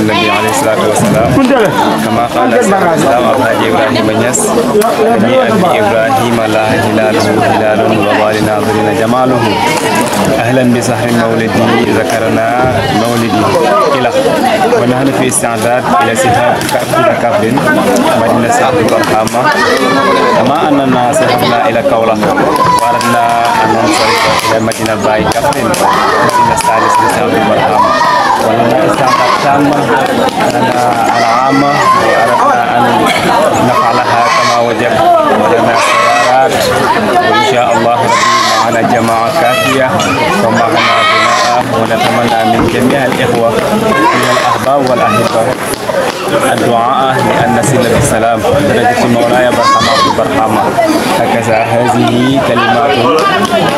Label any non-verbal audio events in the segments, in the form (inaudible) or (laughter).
النبي عليه الصلاة والسلام كما قال الإسلام الحاج إبراهيم نياس أبي إبراهيم لا هلاله هلال وبال ناظرين جماله أهلا بسحر مولدي ذكرنا مولدي إلى ونحن في استعداد إلى سحاب كأكل كابل مدينة سعد الرحامة كما أننا سحبنا إلى كولة وأردنا أن ننصرف إلى مدينة باي كابل مدينة ثالث لسعد الرحامة والمنافسة التامة لنا العامة وأردنا أن نفعلها كما وجب ولنا خيارات وإن شاء الله معنا جماعة كافية ومعنا بناء ونتمنى من جميع الإخوة من الأحباب والأحبة الدعاء لأن نصل بالسلام درجة مولاي برحمة برحمة هكذا هذه كلمات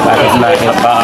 أردنا إلقاءها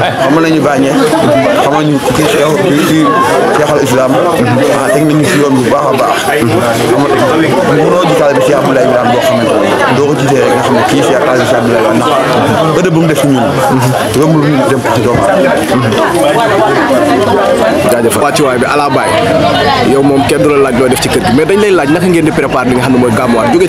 xam nañu bañé xamañu ci ci yow islam ah tek nañu ci yoon bu baaxa baax mëno ji taal bi ci abdoulaye ibrahim bo xamanteni do ko jité rek nga xamné ci cheikh aziz ci abdoulaye ibrahim ndax bëdd ala bay yow mom kenn du la laaj lo def ci kër di préparer li nga xamné moy gammo joggé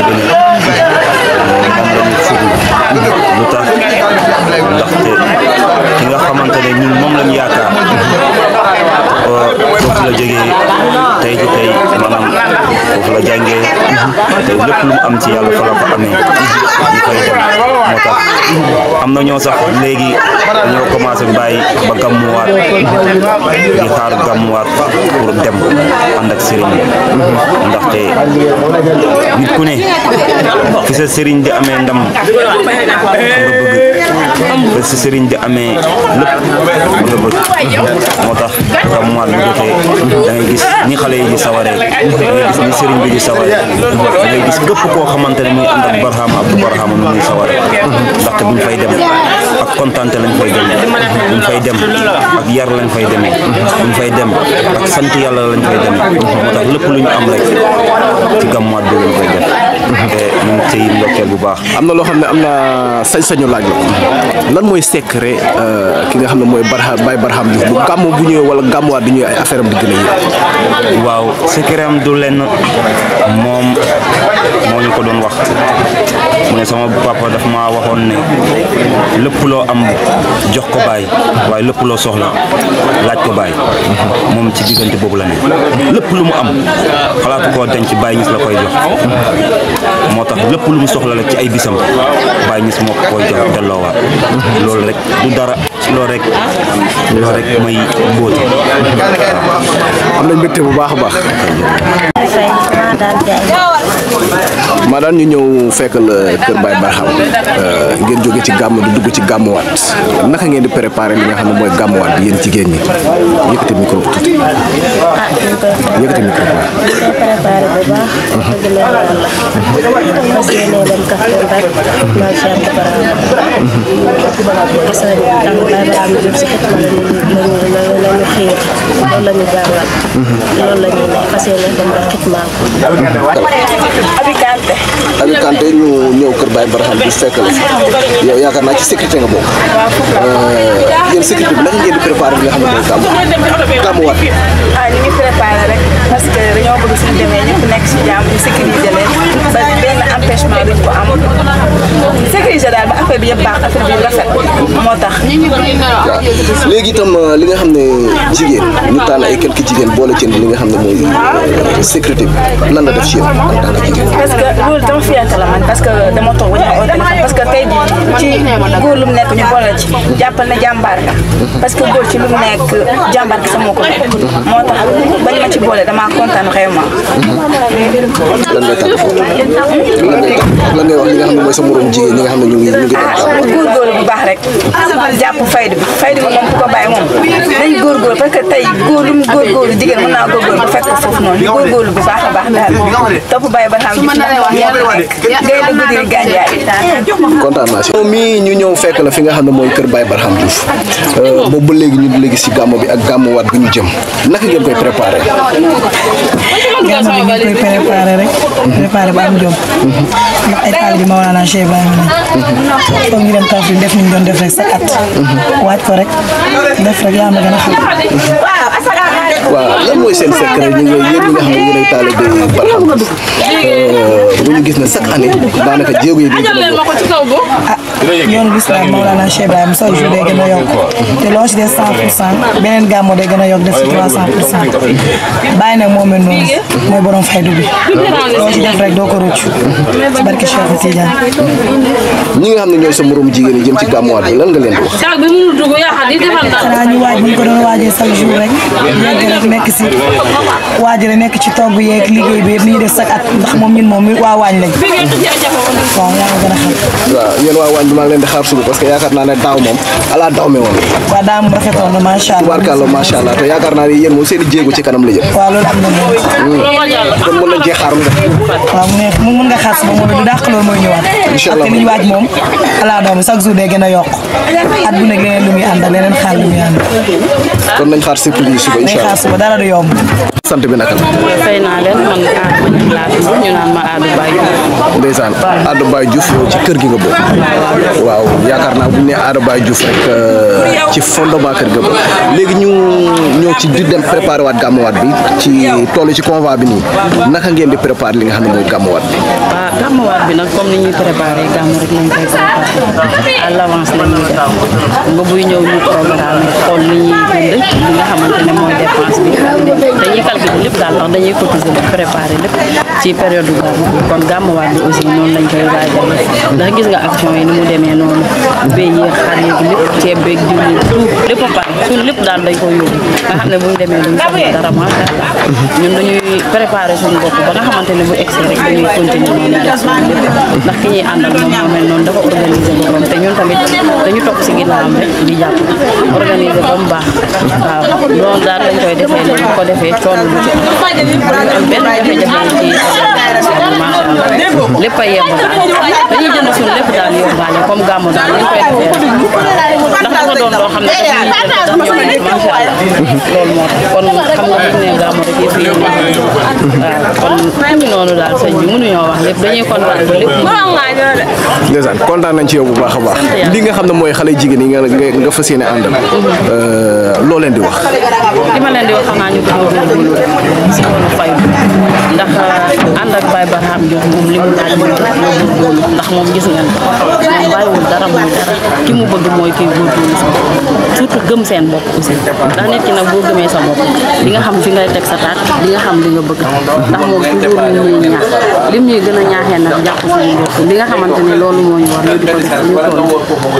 xamante ne ñun moom lañu yaakaar foofu la jógee foofu la jàngee am ci yàlla fa ko am na ñoo sax léegi dañoo commencé bàyyi ba gàmmuwaat di xaar gàmmuwaat pour dem ànd ak sëriñ ndaxte nit ku ne fi sëriñ di amee ndam nga bëgg ba si sëriñ bi amee lépp mu moo tax tam mois bi jotee da ngay gis ni xale yi di sawaree da ngay gis ni sëriñ bi di sawaree da ngay gis képp koo xamante ne muy ànd ak barxaama abdu barxaama nu muy sawaree ndaxte buñ fay demee kontante lañ fay dem buñ fay dem ak yar lañ fay deme buñ fay dem ak sant yàlla lañ fay demee moo tax lépp lu ñu am rek ci gàmmuwaat bi lañ koy def te ci ngi bu baax am na loo xam ne am naa sañ-sañu laaj la lan mooy secret euh, ki nga xam ne mooy barxa bay Barham Diouf bu gàmmu bu ñëwee wala gàmmuwaat bi ñëwee ay affaire am di gën a waaw secret du lenn moom moo ñu ko doon wax mu ne sama papa dafa ma waxoon ne lëpp loo am jox ko baay waaye lépp loo soxla laaj ko baay moom ci diggante boobu la ne lépp lu mu am xalaatu koo denc baay ñis la koy jox moo tax lépp lu mu soxla rek ci ay bisam baay ñis moo ko koy jox delloowaat loolu rek du dara loolu rek may bóoti am nañ mbégte bu baax a baax ma daan ñu ñëw fekkal keur bay Barham euh ngeen joggé ci gamu du dugg ci gàmmuwaat naka ngeen di préparer li nga xamne moy mooy gàmmuwaat bi yéen jigéen ñi yëkëti micro bi yëkëti yëkkati micro préparer ba la ñu gàmmal loolu la ñu Gracias. Habib Kanté ñu ñëw Kër Baye Barham bi fekk la fi yow yaakaar naa ci sécurité nga bokk euh, yéen sécurité bi naka nga xam ne mooy gàmmu gàmmu ah, euh, li nga xam ne jigéen ñu tànn ay quelques jigéen boole ci li nga xam ne mooy euh, sécurité bi lan la def ci yéen en tant parce que dama toog ba ñu téléphone parce que tey jii góor lu mu nekk ñu boole ci jàmbaar parce que góor ci lu mu nekk ko moo boole damaa kontaan vraiment. lan ngay tàggatoo lan ngay xam ne mooy sa morom ah, bu baax rek jàpp fayda bi fayda bi moom ku ko bàyyi moom dañ góorgóorlu parce que tey góor lu mu góorgóorlu jigéen naa góorgóorlu bu fekk foofu noonu góorgóorlu bu baax a baax daal topp bàyyi ba xam kontaan naa si mii ñu ñëw fekk la fi nga xam ne mooy kër baay Barham Diouf boobu ba léegi ñu léegi si gàmmu bi ak gàmmu waat bi ñu jëm naka ngeen koy préparé gàmmu bi ñu koy préparé rek préparé ba am jom ndax ay taal bi Mawlana Cheikh Ibrahima ne foog ñu dem Kaffrine def mi ñu doon def rek sa at waaj ko rek def rek yaa ma gën a xam waaw lan mooy seen secret ñu ngi yéen ñi nga xam ne yéen ay taalibe Barham euh, bu ñu gis ne chaque année ko ah, te loo ci def cent pour cent beneen day gën a yokk def ci trois moo mel noonu mooy bi loo ci def xam ne ñooy sa moroom jigéen jëm ci gàmmuwaat bi lan nga leen di wax ñu waaj bu ko doon waajee chaque jour rek nekk si waajale nekk ci togg yeeg liggéey bi yëpp ni ñuy def sax at ndax moom ñun moom waa waañ lañ waaw yaa gën a xam waaw yéen waa waañ bi maa ngi xaar suba parce que naa ne daaw moom ala daaw mi na macha allah tubaarkàlla macha yaakaar naa ne yéen moom seen i jéego ci kanam la jëm waaw loolu am na moom hmm. kon mën nañ cee mun nga xaar suba moom du dàq loolu mooy ñëwaat incha allah parce moom xalaat doom chaque jour day gën a yokk at bi nekk leneen lu muy leneen xaar lu muy àndal. kon nañ xaar surprise yi suba incha allah nañ xaar suba yomb. sant bi naka la. fay naa leen man ah, ci kër gi nga bokk. waaw yaakaar naa bu ñu nee Adou Baye Diouf rek euh, ci fondement kër ga bokk léegi ñu ñoo ci di dem préparé waat gàmmuwaat bi ci toolu ci convoi bi nii naka ngeen di préparé li nga xam ne mooy gàmmuwaat bi. Kamu waat bi nag comme ni Kamu préparé gàmmu rek lañ koy préparé à l'avance la ñuy def nga buy ñëw ñu programme xool li ñuy dund li nga xamante ne mooy dépense bi dañuy calculer lépp daal ndax dañuy cotiser lépp préparé lépp ci période gàmmu bi kon gàmmu waat bi aussi noonu lañ koy waajale ndax gis nga action yi ni mu demee noonu béy yi xar yi lépp ceeb beeg diw yi tout lépp pare ko yóbbu nga xam ne bu ñu demee duñ soxla dara macha allah ñun dañuy préparé suñu bopp ba nga xamante ne bu déplacement ndax ki ñuy ànd moom moo mel noonu dafa organiser boppam te ñun tamit dañu topp si ginnaawam rek di jàpp organiser ba mu baax waaw noonu daal dañ koy defee léegi ko defee coono du ci am am benn jafe-jafe ci lépp a yem daal ñu moom li mu daal moom góorgóorlu ndax moom gis ngeen moom dara muy dara ki mu bëgg mooy koy góorgóorlu sa bopp surtout gëm seen bopp aussi ndax nit ki nag boo gëmee sa bopp di nga xam fi ngay teg sa taat di nga xam li bëgg ndax moom toujours ñu ñuy ñaax gën a ñaaxee nag jàpp suñu li nga xamante ni loolu moo ñu war ñu di ko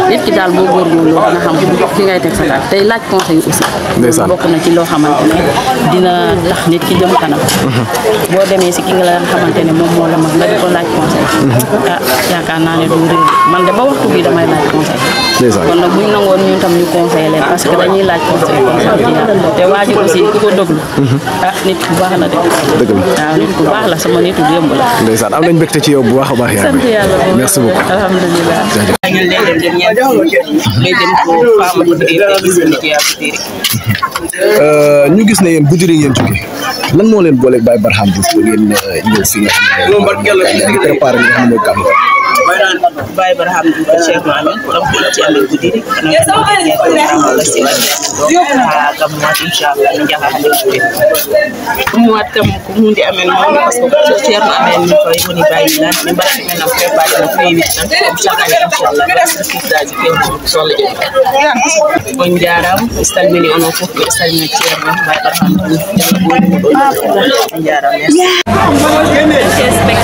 nit ki daal boo góorgóorlu di nga xam fi ngay teg sa taat tey laaj conseil aussi loolu bokk na ci loo xamante ne dina tax nit ki jëm kanam mhm. boo demee si ki nga la moom moo la mën nga mhm. ya, ya, di ko ya karena ah yaakaar man de ba waxtu bi damay laaj conseil kon nag buñ nangoon ñun tam ñu conseil parce que dañuy laaj conseil conseil ci yàlla te ku ko déglu ah nit ku baax la de dëgg nit ku baax la sama nitu démb la ndeysaan am nañ mbégte ci yow bu baax baax yaa sant yàlla merci beaucoup alhamdulilah ñu leen leen dem ñaan dem ko faamu ko dégg ci yaa bu euh ñu gis ne yeen bu diri ngeen jóge lan moo leen boole bay barham bu ngeen ñëw fi préparé nga xam ne baran bay barham ko cheikh diri kana ka mo inshallah ni jaha hande ko mo watam ko hunde amen mo parce que cheikh mamen bayi lan ni bara men am préparé na fay wi tan ko chaque année inshallah la sifaji ke solo je on jaram istal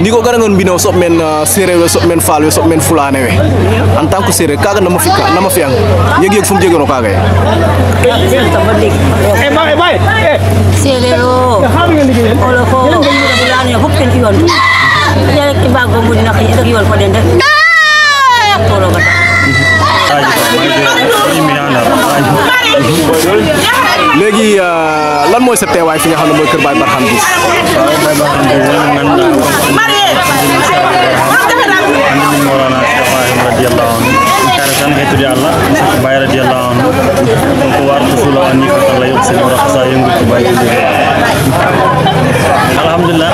ndigo gara ngon bino sob men serewe eh, sob men falwe sob men fulane we en tant que sere kaga nama fika nama fiang yeg yeg fum jegono kaga eh ma eh bay eh. serero oh. ya, ya. olo ko fulane hop ken iwan ya ke bago mun na iwan ko den de léegi uh, lan mooy sa teewaay fi nga xam ne kër Baye Barham Guisse waaw Barham Allah alhamdulillah Baye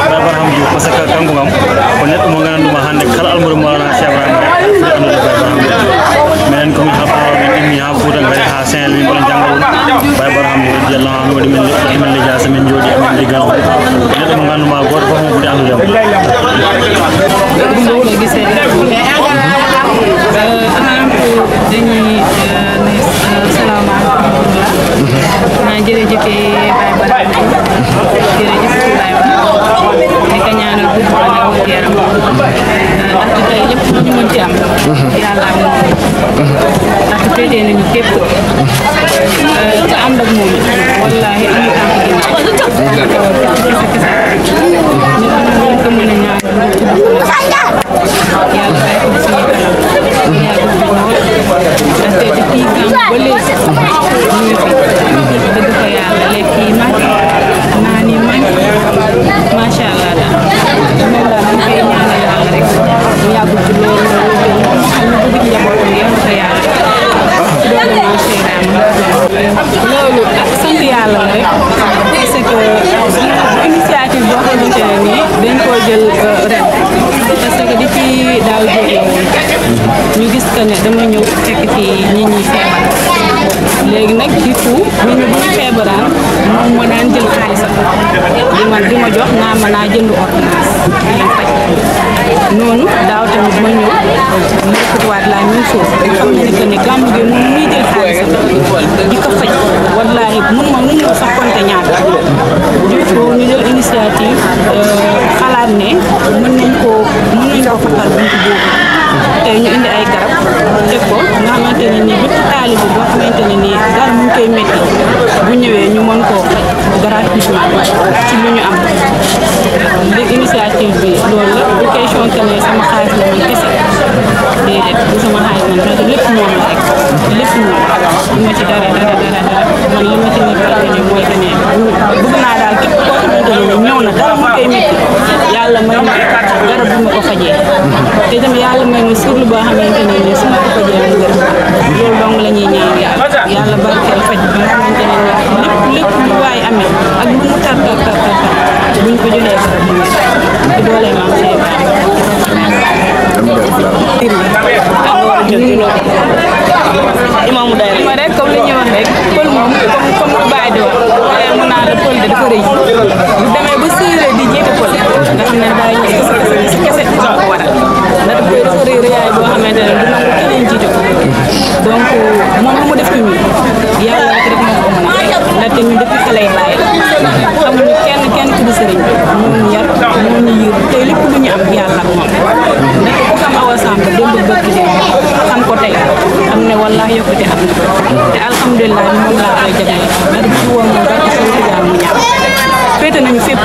Barham Guisse parce que kangu ngam ko neɗɗo mo gananduma hannde kala almuri Mawlana Cheikh Ibrahim minen komi ha ɓawa min immi ha fouta gaari ha saint louis mboɗo janggo bay bara hamdi radiallahu anhu waɗi emin ligga so min jooɗi emin liggal neɗɗo mo gannduma goto fof mo foti andudemo jërëjëfe Baye Bara jërëjëf ci Baye Bara di ko ñaanal gudd fan ak wér-gu-yaram ndaxte tey lépp lu ñu mën ci am yàlla am ndax féetee nañu képp lu nga ànd ak moom wallaahi am na tànk gi Masya Allah, dah. Alhamdulillah, Allah. anak-anak rek. Ya, betul. loolu sant yàlla la rek parce que initiative boo xamante ne nii dañ koo jël ren parce que depuis daaw jóge ñu gis que ne dama ñëw fekk fii nit ñi feebar léegi nag di fu nit ñi bu ñu feebaraan moom ma naan jël xaalisam di ma di ma jox naa ma naa jënd ordonnance di daaw tamit ma ñëw mu rafetwaat la même chose xam na ne que ne gàmm gi moom jël di ko ma ñu jël initiative euh, xalaat ne mën nañ fatal ñu indi ay garab ko nga dara mu koy métti bu ñëwee ñu mën koo faj gratuitement ci lu ñu am li initiative bi loolu la bu question yàlla barkeel faj ba nga xamante ne lépp lépp amee ak lu mu tar tar tar tar buñ ko joxee barab bu wér ci doole maam say baay imaamu day rek comme li ñuy wax rek pël moom comme comme bàyyi di wax mu naa la pël de dafa rëy bu demee ba séeréer di jiite pël nga xam ne daay kese moo ko ndax dafay dafa rëy rëyaay boo xamante ne du nangu keneen jiite ko donc moom lu mu def ñu yàlla rek rek moo ko mën ndaxte am yàlla moom ndax ku xam Awa Samb démb bëgg démb xam ko tey am ne wallaahi yokkute am na te alhamdulilah moom laa koy jagleel ndax du ci woon moom barke suñu mu ñaaw féete nañu fépp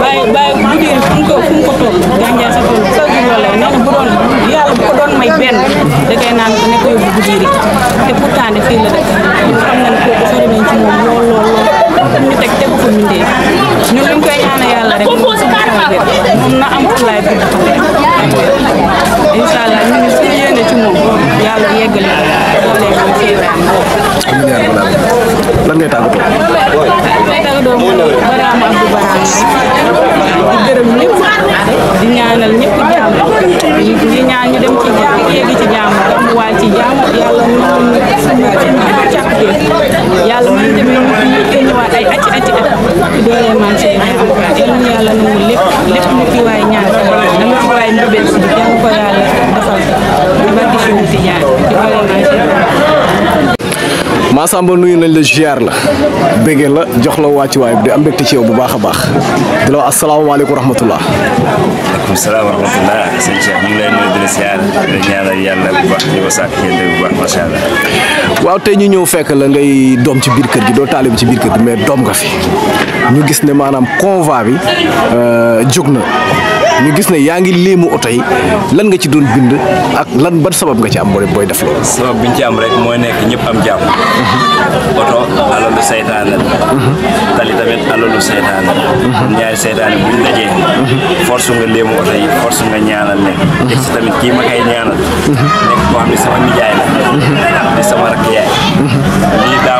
bàyyi bàyyi bu dee fu mu ko fu mu ko toog gàncax sa tool sa bu doon yàlla bu ko doon may benn da koy naan ne ko yóbbu bu diiri te pourtant de fii la dëkk ñun xam ñu koy ñaana yàlla rek moom na am fulaay bu taxaw incha allah ñun suñu yéene ci moom yàlla yeggale loolee moom fii la am. lan ngay tàggatoo. baraam Abdou Baraam di gërëm ñëpp di ñaanal ñëpp jàmm di ñaan ñu dem ci jàmm yéegi ci jàmm waa ci jàmm yàlla mënuñu suñu càpp yàlla mën tamit ñu fi génnewaat ay ati ati at ci doole maam si am yàlla ñu yàlla nangu lépp lépp ñu fi waay ñaan dama fi waay mbébét yàlla ko yàlla defal ci barke suñu ci jaar ci doole maam si maa Massamba nuyu nañ la ziar la béggee la jox la wàcc wàccuwaay bi di am mbégte ci yow bu baax a baax di la wax asalaamaaleykum wa rahmatulah. waaleykum salaam wa rahmatulah sëñ Cheikh yàlla bu baax di waaw tey ñu ñëw fekk la ngay doom ci biir kër gi doo taalib ci biir kër gi mais doom nga fi ñu gis ne maanaam convoi bi euh, jóg na. ñu gis ne yaa ngi léemu oto yi lan nga ci doon bind ak lan ban sabab nga ci am boy boy def lo sabab biñ ci am rek mooy nekk ñëpp am jàmm oto alalu seytaane la tali tamit alalu seytaane la ñaari seytaane buñ dajee force nga léemu oto yi force nga ñaanal ne teg tamit kii ma kay ñaanal nekk koo xam ne sama nijaay la di sama rakk yaay lii daaw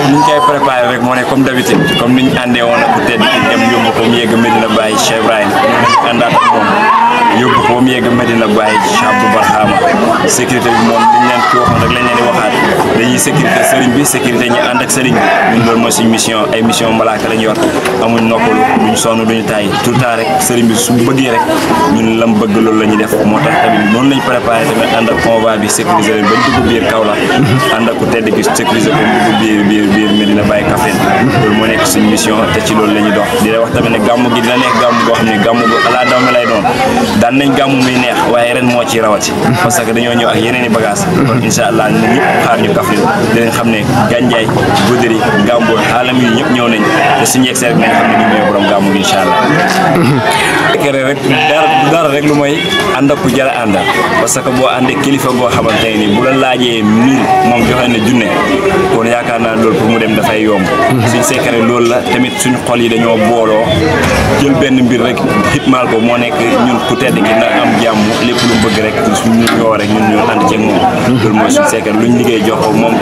boobu ni ñu koy préparé rek moo ne comme d'habitude comme ni ñu àndee woon ak peut-être dem yóbbu ko mu yegg Medina Baye Cheikh Ibrahima àndaat ak moom yóbbu ko ba mu yegg Medina Baye Abdou Barhama sécurité bi moom liñ leen ci waxoon rek lañ leen di waxaat dañuy sécurité sëriñ bi sécurité ñi ànd ak sëriñ bi ñun loolu mooy suñu mission ay mission malaaka lañ yor amuñ noppalu duñ sonn tàyyi tout le temps rek sëriñ bi su bëggee rek ñun lam bëgg loolu la ñuy def moo tax tamit noonu lañ préparé tamit ànd ak convoi bi sécuriser leen ba dugg biir Kaolack ànd ak ku tedd ki sécuriser ko dugg biir biir biir Medina Baye Kaffrine loolu moo nekk suñu mission te ci loolu la ñuy dox di la wax tamit ne gàmm gi dina nekk gàmm goo xam ne gàmm lay doon daan nañ gàmmu muy neex waaye ren moo ci rawati parce que dañoo ñëw ak yeneen i bagage kon incha allah ñun ñëpp xaar ñu kaflin dinañ xam ne gànjaay Goudiri Gambo xaalam yi ñëpp ñëw nañ te suñu yegg see rek nañ xam ne ñu ñëw borom gàmmu gi incha allah mhm. rek dara dara rek lu mooy ànd ak ku jara àndal parce que boo àndee kilifa goo xamante ni bu la laajee mille moom joxe na junne kon yaakaar naa loolu pour mu dem dafay yomb mhm. suñ sekkare loolu la tamit suñ xol yi dañoo booloo jël benn mbir rek xitmaal ko moo nekk ñun tedd gi na am jàmm lépp lu mu bëgg rek ñu ñoo rek ñun ñoo ànd ceeg moom loolu mooy suñu secret luñ liggéey jox ko moom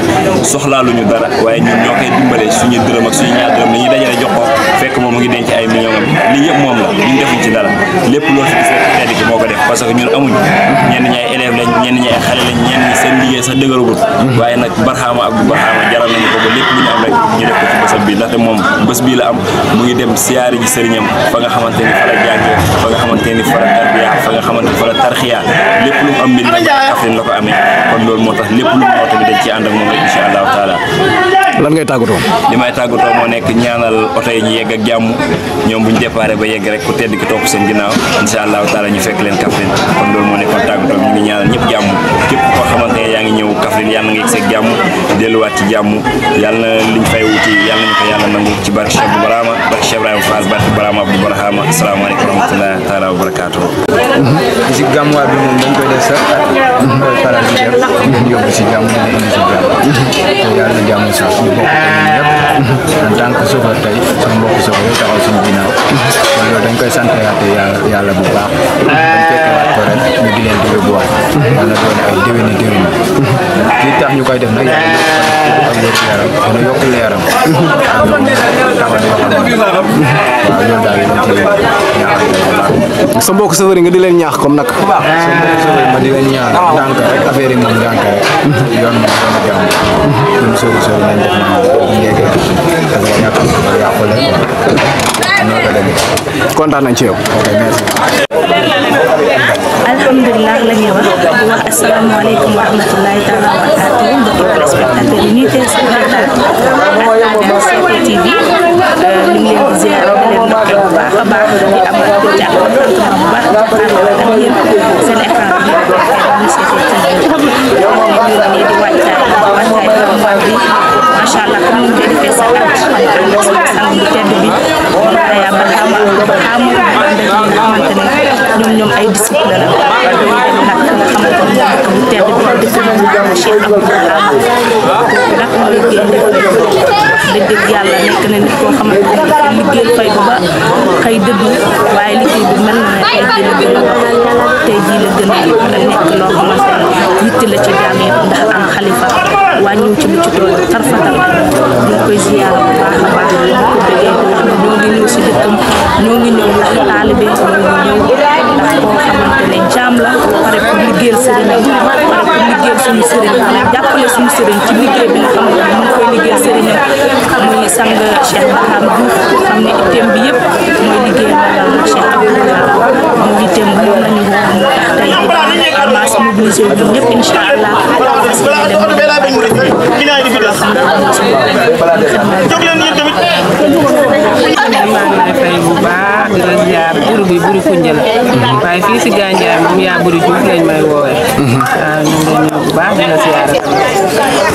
soxlaa luñu dara waaye ñun ñoo koy dimbale suñu dërëm ak suñu ñaar dërëm dañuy dajale jox ko fekk moom mu ngi denc ay millions am lii yëpp moom la ñun defuñ ci dara lépp loo fi gis rek tedd gi moo ko def parce que ñun amuñ ñenn ñi ay élève lañ ñenn ñi ay xale lañ ñenn ñi seen liggéey sax dëgëragul waaye nag barxaama ak bu barxaama jaral nañu ko ba lépp lu ñu am rek ñu def ko ci bésam bi ndaxte moom bés bii la am mu ngi dem siyaari ji sëriñam fa nga xamante ni fa la jàngee fa nga xamante ni fa la tarbiya fa nga xamante fa la tarxiya lépp lu mu am mbir Kaffrine la ko amee kon loolu moo tax lépp lu mu moo tamit dañ ci ànd ak moom rek incha allahu taala lan ngay tagu tàggatoo limay tagu tàggatoo mo nek ñaanal oto yi yegg ak jamm ñom buñu déparé ba yegg rek ku tedd ki top seen ginaaw inshallah taala ñu fekk leen Kaffrine kon loolu moo nekkoon tagu ñu ñi ñaanal ñëpp jamm képp ko xamante ya nga ñew ñëw yalla nga na jamm delu wat ci jamm yalla liñ fay wuti yalla ñu ko yalla nangu ci barke Cheikh ibrahima Barama barke Cheikh Ibrahima Fall barke ibrahima Abdou Barahama alaykum wa rahmatullahi taala wa barakatuh mhm. ci wa bi moom dañ koy def sax ak koy faral di def yóbbu ci jàmm di indi ci jàmm mhm. yàlla jàmm sax tentang kusubatai sambo tak usah kalau kesan lebih yang dia buat dia nak dia ini kita nyukai dia kalau dia kalau nga di len ñaax comme nak sa mbokk ma di len ñaan dank rek affaire yi dank rek yoon mo nañ con nañ ci yow alhamdulillah la ñëw wax assalamu alaykum wa rahmatullahi ta'ala wa barakatuh mbokk téléspectateur yi TV ñu ngi leen di ziar di leen ndokkee di amal ko ci ak contentement bu baax ak yéen seen TV mungkin kesalahan dan kesalahan jadi kamu ñoom ñoom ay disciple la ñoom yàlla nekk na la gën a tey jii la gën a la ci jaam yëpp ndax am ñu koy ziyaar ndax boo xamante ne jaam la pare pour liggéeyal sëriñ bi jàppale suñu sëriñ ci liggéey bi nga xam ne mu ngi koy liggéeyal sëriñ muy sang Cheikh Maham Diouf xam ne itteem bi yëpp mooy liggéeyal maanaam Cheikh Abdoulaye muy itteem bu moom lañu wax mu tax tey di baax maas mobilisé wu ñëpp incha allah parce que dem ne xam man lay fay bu baax di la buru bi buru funjal waaye fii si gànjaay moom yaa buri juuf lañ may woowee waaw ñu bu baax di la ziar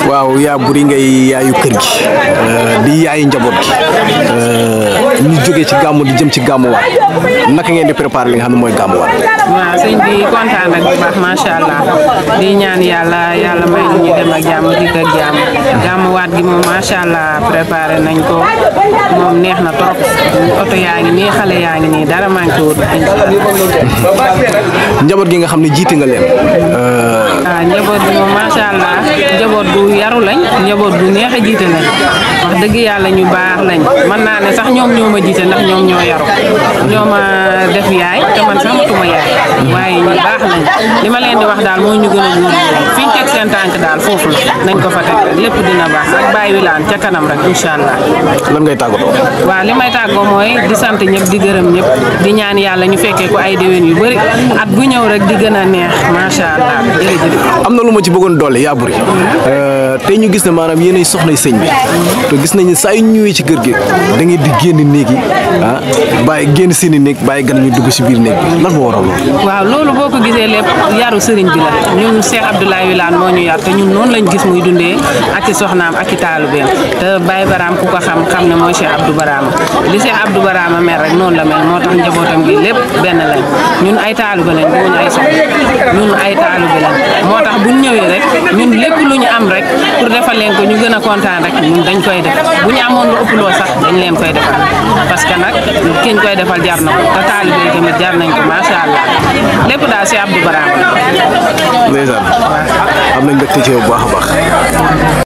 waaw yaa buri ngay yaayu kër gi di yaayu njaboot gi ñu jógee ci gàmmu di jëm ci gàmmu waat naka ngeen di préparer li nga bi bu baax allah di ñaan may ñu dem ak gi allah nañ ko neex na trop oto yaa ngi nii xale yaa ngi nii dara manqué wut. njaboot gi nga xam ne jiite nga leen. waaw ah, njaboot bi moom macha allah njaboot bu yaru lañ njaboot bu neex a jiite lañ wax dëgg yàlla ñu baax baax nañ man naa ne sax ñoom ñoo ma jiite ndax ñoom ñoo yaru ñoo ma def yaay te man sax matuma yaay waaye ñu baax nañ li ma leen di wax daal moo ñu gën a góor fiñ teg seen tànk daal foofu la nañ ko fa teg rek lépp dina baax ak bàyyi wilaan ca kanam rek incha allah lan ngay tàggatoo waaw li may tàggoo mooy di sant ñëpp di gërëm ñëpp di ñaan yàlla ñu fekkee ko ay déwén yu bëri at bu ñëw rek di gën a neex macha allah jërëjëf am na lu ma ci bëggoon dolli yaa buri tey ñu gis ne manam yéenay soxnay sëñ bi te gis nañu saa ñuy ci kër da ngay di génn néeg yi ah bay génn seen i bay bàyyi gan ñu dugg ci biir néeg bi lan moo waral loolu waaw loolu boko gisé gisee lépp yaru sëriñ bi la ñun Cheikh Abdoulaye Wilane mo ñu yar te ñun non lañ gis muy dundé ak i soxnaam ak i taalubeem te Baye Baram ku ko xam xam ne mo Cheikh Abdou Barama li Cheikh Abdou Barama mer rek non la mel moo tax njabootam gi lépp ben la ñun ay taaluba lañ duñu ay soxna ñun ay taaluba lañ moo tax bu ñëwee rek ñun lépp lu ñu am rek pour defal leen ko ñu gën a kontaan rek ñun dañ koy def bu ñu amoon ëpp loo sax dañ leen koy defal parce que nag kiñ koy defal jar na ko te taalibe yi tamit jar nañ ko macha allah lépp daal si Abdou Barama. ndeysaan am nañ mbégte ci yow bu baax a baax.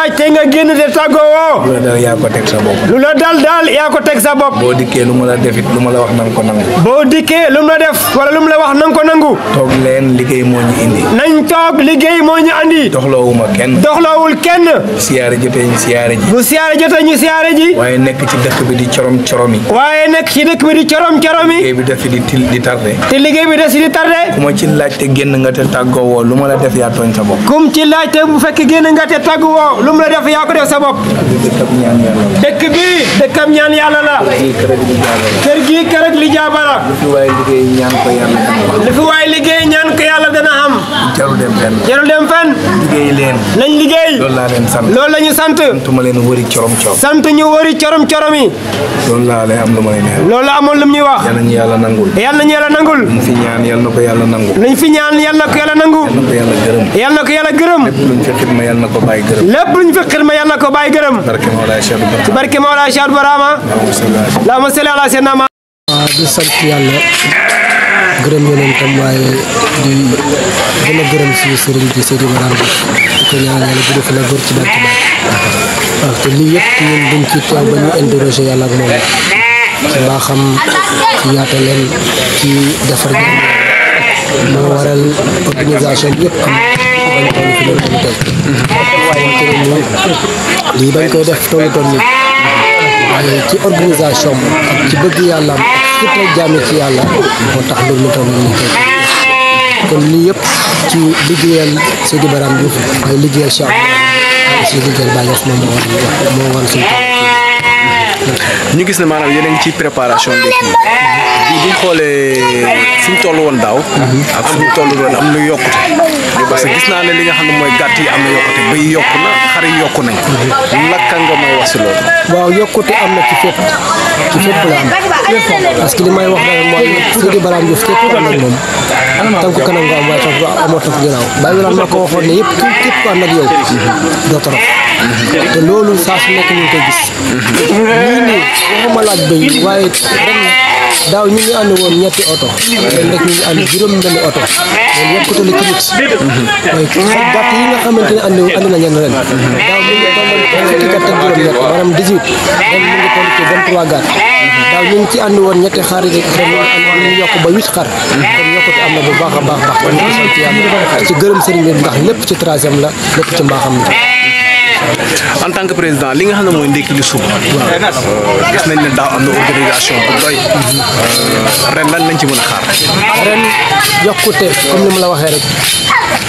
laaj te nga génn de tàggoo. lu la dal yaa la dal daal yaa ko teg sa bopp. boo dikkee lu ma la def it lu ma la wax na ko nangu. boo dikkee lu ma def wala lu mu la wax na nga ko nangu. toog leen liggéey moo ñu indi. nañ toog liggéey moo ñu andi. doxloowuma kenn. doxloowul kenn. siyaare jotee ñu siyaare ji. bu siyaare jotee ñu siyaare ji. waaye nekk ci dëkk bi di corom corom yi. waaye nekk ci dëkk bi di corom corom yi. liggéey bi def di di tardé. te liggéey bi des di tardé. ku ma ci laajte génn nga te tàggoo woo lu ma la def yaa tooñ sa bopp. ku mu ci laajte bu fekk génn nga te tàggu woo lu mu la def yaa ko def sa bopp. dëkk bi dëkkam ñaan yàlla la. kër gi kër ak li jaabara. lu fi waaye liggéey ñaan ko yàlla dana am. lu fi waaye liggéey ñaan ko yàlla dana am. jarul dem fenn. jarul dem fenn. liggéey leen. nañ liggéey. loolu laa leen sant. loolu la ñu sant. sant ma leen wëri corom corom. sant ñu wëri corom corom yi. loolu laa leen am lu ma Lola amon lim ñuy wax yalla ñu yalla nangul yalla ñu yalla nangul ñu fi ñaan ko yàlla nangu fi ñaan fi xidma yal ko barke Cheikh Barama Allahumma salli ala sayyidina ma ah, di sant yalla gërem yeneen tam di gëna gërem ci sëriñ di sëriñ di ko ñaan yalla bu def la góor ci barke waaw ah, te li yépp ñun ci ba ñu interroger ak ci xam ci yaataleen ci defar gi moo waral organisation bi yëpp am bañ toll fi loolu am tey lii bañ koy def tollu toll nii waaye ci organisation ci bëgg yàlla ak ci moo tax loolu mu toll nii tey kon lii yëpp ci liggéeyal Seydi Barham Diouf waaye liggéeyal Cheikh waaye aussi liggéeyal Baye Niass moo war moo war suñu ñu gis ne maanaam yeneen a ci préparation ndékki bi bi ñu xoolee fi ñu toll woon daaw. ak fi ñu toll woon am na yokkute. parce que gis naa ne li nga xam ne mooy gàtt yi am na yokku na xar yi yokku nañ. lakka nga may wax si loolu. waaw yokkute am na ci fépp ci fépp la am parce que li may wax daal mooy Sidi Barham Diouf képp ku ànd ak moom tànku kanam nga am waaye tànku amoo tànku ginnaaw bàyyi naa ma ko waxoon ne yëpp képp ku ànd ak yow doo torof te loolu saa ñu ngi koy gis ñii ni waxuma laaj bëy waaye ren daaw ñu ngi ànd woon ñetti oto rek ñu ngi ànd juróom benn oto loolu yëpp ko la kirit mooy yi nga xamante ne ànd na ñenn ren daaw ñu ngi tolloon fukki gàtt ak juróom ñett maanaam 18 ñu ngi toll ci 23 gàtt daaw ñu ci ñetti xaar ñu ñu ba 8 kon bu baax baax ci gërëm sëriñ bi ndax ci la ci la en tant que président li nga xam ne mooy ndekki li suba. Euh, gis nañ ne daaw am na organisation bu doy. Euh, ren lan lañ ci mën a xaar. ren yokkute comme ni ma la waxee rek.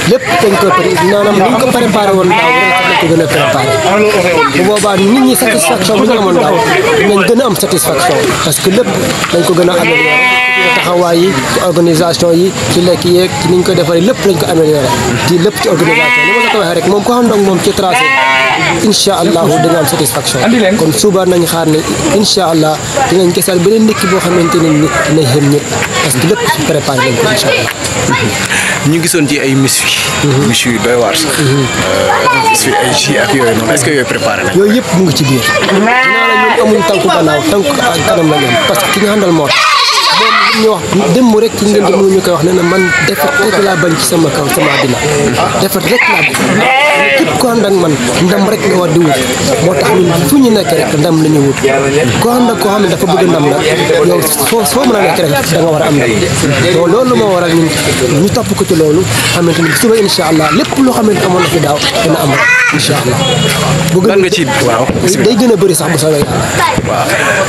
lépp dañ ko pare maanaam ni ñu ko préparé woon daaw dañ ko gën a préparé bu boobaa nit ñi satisfaction bu ñu amoon daaw dinañ gën a am satisfaction parce que lépp dañ ko gën a amélioré ci taxawaay yi ci organisation yi ci lekk yeeg ci ni ñu ko defaree lépp lañ ko amélioré ci lépp ci organisation li ma la ko waxee rek moom ko xam ndox moom ci tracé incha allah da nga am satisfaction kon suba nañ xaar ne incha allah dinañ gisaat beneen ndekki boo xamante ne ni dinañ xëm ñëpp parce que lépp préparé lañ ko incha allah ñu gisoon ci ay misfi mhm. misfi doy waar sax mhm. euh, misfi ak yooyu noonu est-ce que yooyu préparé mu ngi ci biir ñun amuñ tànku gannaaw tànku kanam la ñu parce que ki ñu àndal moo ñu wax démb rek ci ngeen di koy wax ne na man defar rek laa bañ ci sama kaw sama dina mhm. defar rek laa bañ képp ko ànd ak man ndam rek nga war di wut moo tax ñun fu ñu nekk rek ndam la ñuy wut ku ànd ak koo xam ne dafa bëgg ndam la yow foo foo mën a nekk a am ndam bon loolu moo waral ñun ñu topp ko ci loolu xamante ni suba incha allah lépp loo xamante amoon na fi daaw dina am incha allah. lan nga ci waaw day gën a bëri sax bu soobee yàlla. waaw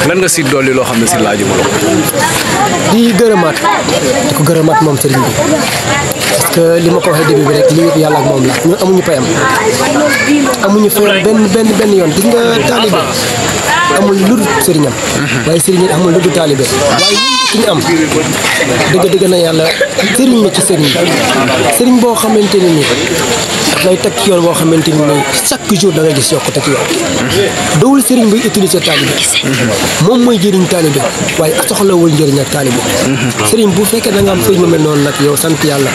lan nga si dolli loo xam ne si laajuma la ko. di gërëmaat di ko gërëmaat moom sëriñ bi. parce que li ma ko waxee début bi rek lii yàlla ak moom la ñun amuñu payam amuñu fayam benn benn benn yoon di nga taalibe amul lu dul sëriñam waaye sëriñ amul lu dul taalibe waaye ki ñu am dëgg dëgg na yàlla sëriñ la ci sëriñ sëriñ boo xamante ne nii lay teg ci yoon boo xamante ni mooy chaque jour da ngay gis yokkute ci yow dawul sëriñ bi utiliser taalibe ak taalibe da nga am sëriñ ma mel noonu nag yow sant yàlla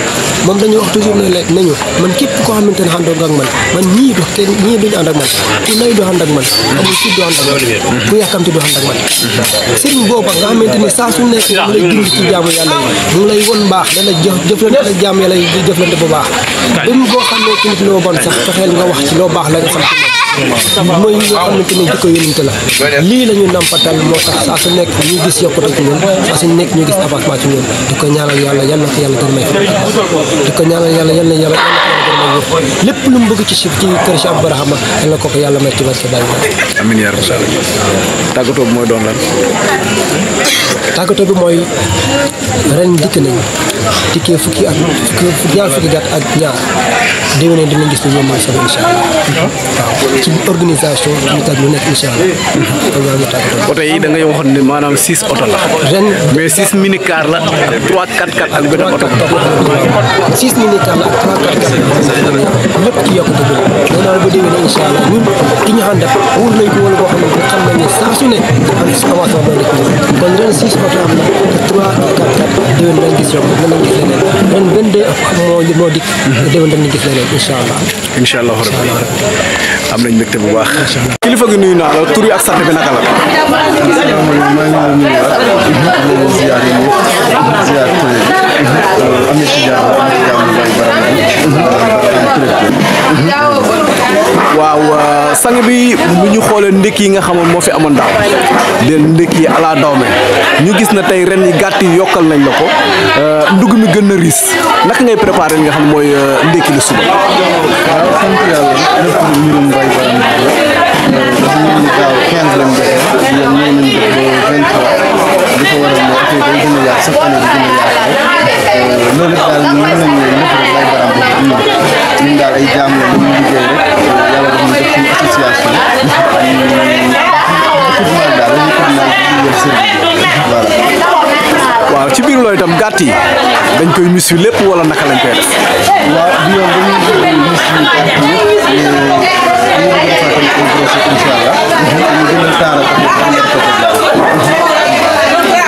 moom dañuy wax toujours ne la nañu man képp koo xamante ne àndoon nga ak man man ñii du kenn ñii duñu ànd ak man ku nay du ànd ak man amul si du ànd ak man ku yàkkamti du ànd ak man sëriñ booba nga xamante ni saa su nekk mu lay yàlla yi mu lay won mbaax dala jëflante la jaamu yàlla yi jëflante bu baax ci loo bon sax fexeel nga wax Mau loo baax di lu mu bëgg ci ci kër ko ko may ci barke amin ya rabbi tàggatoo bi mooy doon lan tàggatoo bi ren nañu tikkee fukki ak fukki ñaar fukki gàtt ak ñaar déwéné dina gis ni ñoom mooy sax insha ci organisation ñu tag lu allah yi da 6 la ren mais 6 mini car la 3 4 4 ak benn oto 6 mini car la 3 4 4 lépp ci yokku dëgg nee naa bu déwéné insha allah ñun ki ñu ko wala xam xam su ne am ci ren 6 am 3 4 4 gis doon gis leneen ren benn de moo moo bu baax. kilifa gi nuyu naa la tur ak sant bi naka la. waaw euh, sang bi bu ñu xoolee ndékki yi nga xamoon moo fi amoon daaw leen ndékki yi ala dawme ñu gis na tey ren yi gàtt yi yokkal nañ la ko euh, ndugg mi gën na riis naka ngay préparé nga xam mooy euh, ndékki li suba. li ko waral mooy affaire dañ gën a yaatu chaque année di gën a yaatu loolu it daal mën nañu lëkkal lay baram bi am na ñun daal ay jaam la ñu liggéey rek yàlla def ñu def suñu association tournal daal ñu tournal di jël service voilà waaw ci biir loolu itam gàtt yi dañ koy mis wi lépp wala naka lañ koy def waaw bi yoon dañuy mis wi gàtt yi ñu gën a fàttali progressé incha allah ñu gën a taaral ak ñu gën a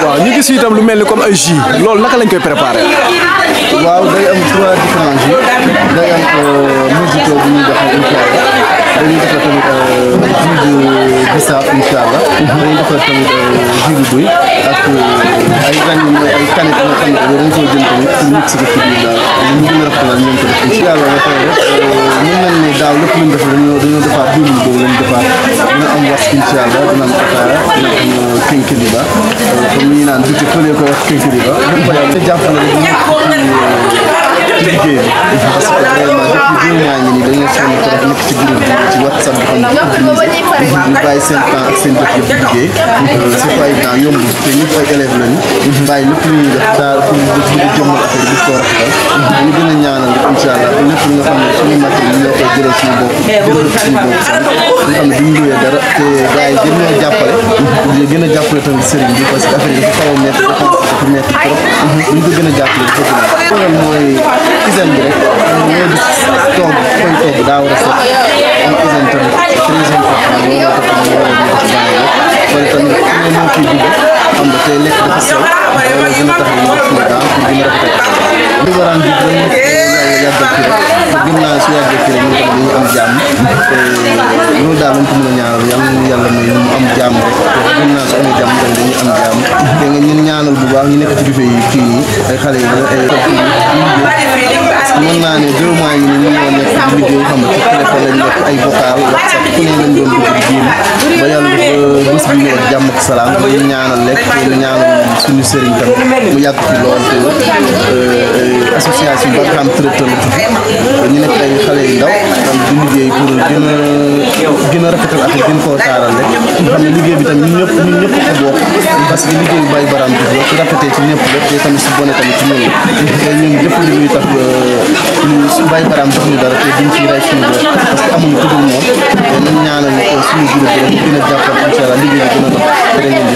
waaw ñu gis itam lu mel ni comme ay jus loolu naka lañ koy préparé. waaw day am trois différents jus day am euh, mojito bu ñuy defee incha allah dañuy defar tamit euh, jus de bisaab incha allah. dañuy defar tamit euh, jus de buy ak ay ràññ mooy ay canettes yoo xam ne dañ koy jënd tamit pour mix ko ci biir daal ñu gën a rafetal ñoom tamit incha allah ba pare rek mën nañ ne daaw lépp luñ defar dañoo dañoo defaat diwlin boobu lañ defaat dina am wax incha allah dina am ataaya dina am kénkiliba. comme ñu naan tuuti fële ko wax kénkiri ba te jàpp na liggéey parce que vraiment depuis deux mois ngi nii dañoo sonn trop nekk ci groupe bi ci whatsapp bi xam nga utilisé ñu bàyyi seen temps ak seen dëkk yëpp liggéey c'est pas évident yomb te ñëpp ay élèves lañu bàyyi lépp lu ñuy def daal pour bëgg a jommal affaire bi ko rafetal ñu gën a ñaanal rek incha allah lépp nga xam ne suñu matériel ñoo koy jëlee suñu bopp jëlee suñu bopp sax nga xam ne duñu luwee dara te gars yi gën ñoo jàppale gën a jàppale tamit sëriñ bi parce que affaire yi dafa xaw a métti dafa métti trop. ñu ko gën a jàppale dafa gën a. problème mooy hygiène bi rek mooy du toog koy toog a set am hygiène tamit très important loolu la ko xam ne la ñu a tax ñu wax fii a rafetlu. li waraan bi gën yàggal ci rek gën naa su yàggee ci rek ñu tamit dañu daal lañ ko mën a ñaanal yàlla na yàlla may ñu am rek gën naa su amee jàmm tamit dañuy am jàmm dégg nga ñun ñaanal bu baax ñu nekk ci biir fii ay xale yi ay amoon naa ne deux mois yi ñu ñoo nekk di liggéey xam nga ci téléphone lañ nekk ay vocal whatsapp ku ne lañ doon dugg génn ba yàlla def bés bi ñëw ak jàmm ak salaam ñu ñaanal lekk ñu ñaanal suñu sëriñ tam mu yàgg fi di liggéey pour gën a gën a rafetal ak gën koo taaral rek xam ne liggéey bi tam ñun ñëpp ñun Baye Barham jox ñu dara te duñ ci suñu bopp parce que amuñu tudd moom nañ ñaanal suñu groupe bi rek gën a jàppal incha allah liggéey bi a dox très bien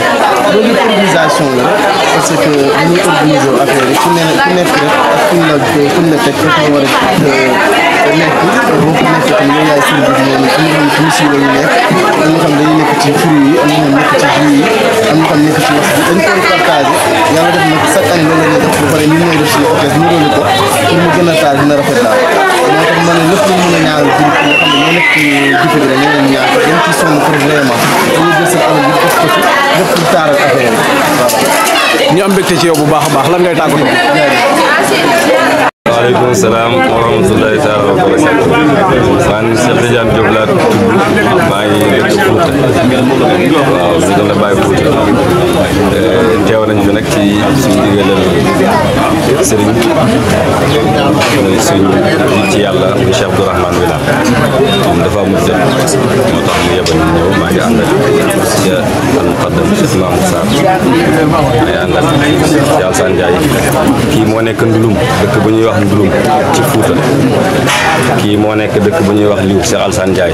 loolu organisation la parce que dañuy organiser affaire yi ku ne rek ak fuñ la teg rek nga nekk boo ko nekkee tamit yow yaay suñu biir ñoom am na ñoo xam ne ci mission la ñu nekk am na xam dañuy nekk ci fruits yi am na ñoo nekk ci jus yi am na xam nekk ci wax bi dañ koy partagé yàlla def na ko chaque année loolu la ñuy def ba pare ñu ñooy def suñu hôtesse ñu roolu ko pour mu gën a taal dina rafet daal moo tax ma ne lépp lu mën a ñaaral groupe yi nga xam ne ñoo nekk ci dëkk bi rek ñoo leen ñaar dañ ci sonn pour vraiment dañu jël seen alal bi def ko ci def pour taaral affaire yi waaw ñu am mbégte ci yow bu baax a baax lan ngay tàggatoo waaleykum salaam wa rahmatulahi taala wa barakatu man Cheikh Tidiane Diop laa tudd maa ngi dëkk Fouta waaw ñu gën la bàyyi Fouta eh, teew nañ fi nag ci suñu ndigalal sëriñ muy suñ nit ci yàlla Cheikh Abdourahmane bi la moom dafa amul jot moo tax mu yebal ñu ñëw maa ngi ànd ak ca al muqaddam Cheikh Mahmoud Sarr maa ngi ànd ak Yàlla Sane Ndiaye kii moo nekk Ndulum dëkk bu ñuy wax ak juróom ci Fuuta kii moo nekk dëkk bu ñuy wax liw Cheikh Alassane Ndiaye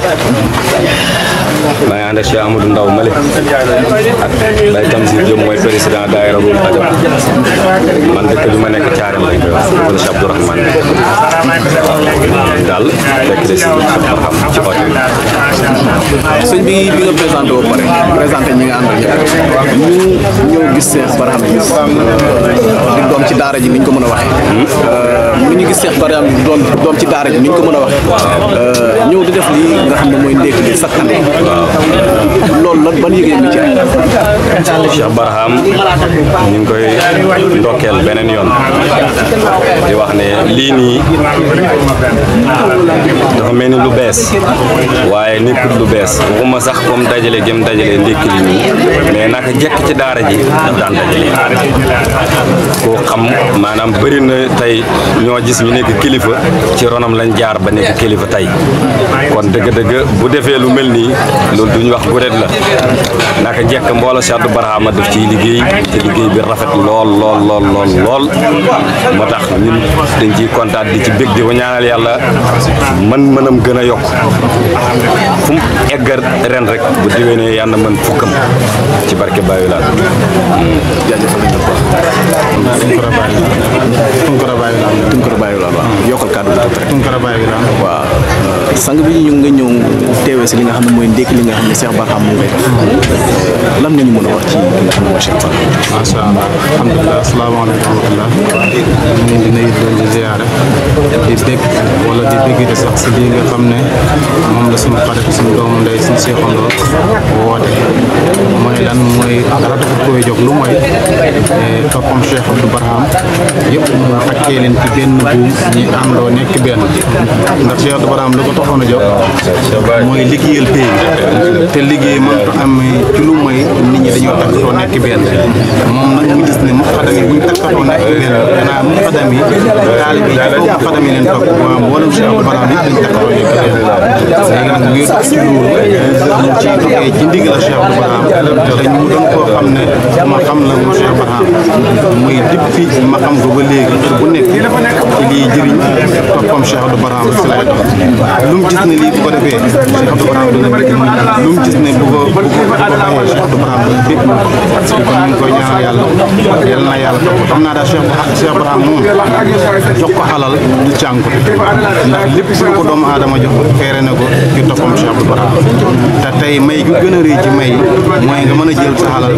maa ngi ànd ak Cheikh Amadou Ndaw Male ak Baye Tamsir Diop mooy président daayira bu Adama man dëkk bi ma nekk caaram lañ koy wax bi nga présenté ba pare présenté ñi nga àndal ñu ñëw gis Cheikh Barham Niass di doom ci daara ji niñ ko mën a wax hmm? euh, lu ñu gis Cheikh par exemple doon ci daara ji ni ñu ko mën a waxee euh, ñëw di def lii nga xam ne mooy ndékk di sakkan loolu la ban yëgee nga ci ay Cheikh Barham ñu ngi koy ndokkeel beneen yoon di wax ne lii nii dafa mel ni lu bees waaye nekkul lu bees ma sax comme dajale gém dajale ndékki li nii mais naka jekk ci daara ji daf daan dajale koo xam maanaam bëri tey dañoo gis ñu nekk kilifa ci ronam lañ jaar ba nekk kilifa tay kon deug deug bu defé lu melni lool duñ wax guret la naka jekk mbolo si barahama def ci liggey te liggey bi rafet lool lool lool lool lool motax ñun dañ ci contact di ci begg di ñaanal yalla man manam gëna yok fu eggar ren rek bu déwénee yalla man fukam ci barke ko Tunkara Baay Wilane waaw yokkal kàddu gi tuuti rek Tunkara Baay Wilane waaw sang bi ñu nga ñew téwé ci li nga xamné moy ndék li nga xamné cheikh barham mo ngay lam nga ñu mëna wax ci li nga xamné cheikh barham ma sha Allah alhamdulillah assalamu alaykum wa rahmatullah ñu ngi nuyu doon di ziaré di bëgg wala di dégg di sax ci li nga xamné mom la suñu xarit suñu doomu ndey suñu cheikhando wote moy lan moy dara ko koy jox lu moy topam cheikh abdou barham yépp mu takké len ci benn bu ñi am do nekk benn ndax cheikh abdou barham lu ko taxoon a jóg mooy liggéeyal pays bi te liggéey mënta am ci lu mooy nit ñi dañoo takkatoo nekk benn moom nag mu gis ne mu xadam yi bu ñu takkatoo nekk benn xanaa mu xadam yi taali bi ci kaw mu xadam yi leen topp waaw mboolem si am balaa nit dañ takkatoo nekk benn léegi nag wéeru ci loolu ci jógee ci ndigal a Cheikh dañ mu doon koo xam ne ma xam la mu Cheikh Barham muy depuis ma xam ko ba léegi bu nekk ci liy jëriñ toppam Cheikh Barham si lay doon lu mu gis ne lii bu ko defee Cheikh Abdou Barham dina lu mu gis ne bu ko bu ko waxee Cheikh Abdou Barham parce que kon ñu koy yàlla yal na yàlla xam naa daal Cheikh Cheikh Barham moom jox ko xalal du cànku ndax lépp lu ko doomu aadama jox ko feere ko ci toppam Cheikh Abdou Barham te tey may gu gën a rëy ci may mooy nga mën a jël sa xalal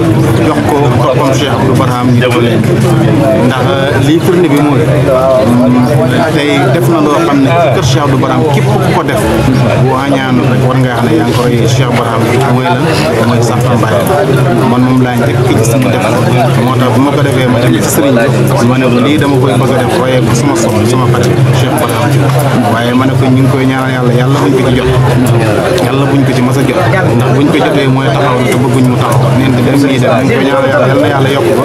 jox ko toppam Cheikh Abdou Barham ndax euh, lii firnde bi mooy tey def na loo xam ne kër Cheikh Abdou Barham képp ko def boo añaanul rek war ngaa xam ne yaa ngi ko roy Cheikh Barham mooy lan mooy santal Mbàkke man moom laa njëkk gis mu def moo tax bu ma ko defee ma ci sëriñ bi lii dama koy bëgg a def royee ko sama soxla sama xarit waaye ma ko ñu koy ñaanal yàlla buñ ko ci buñ ko ci mas a ndax buñ ko jotee mooy taxaw te bëgguñ mu taxaw neen di dem nii dem ñu koy ñaanal yàlla yàlla yàlla yokk ko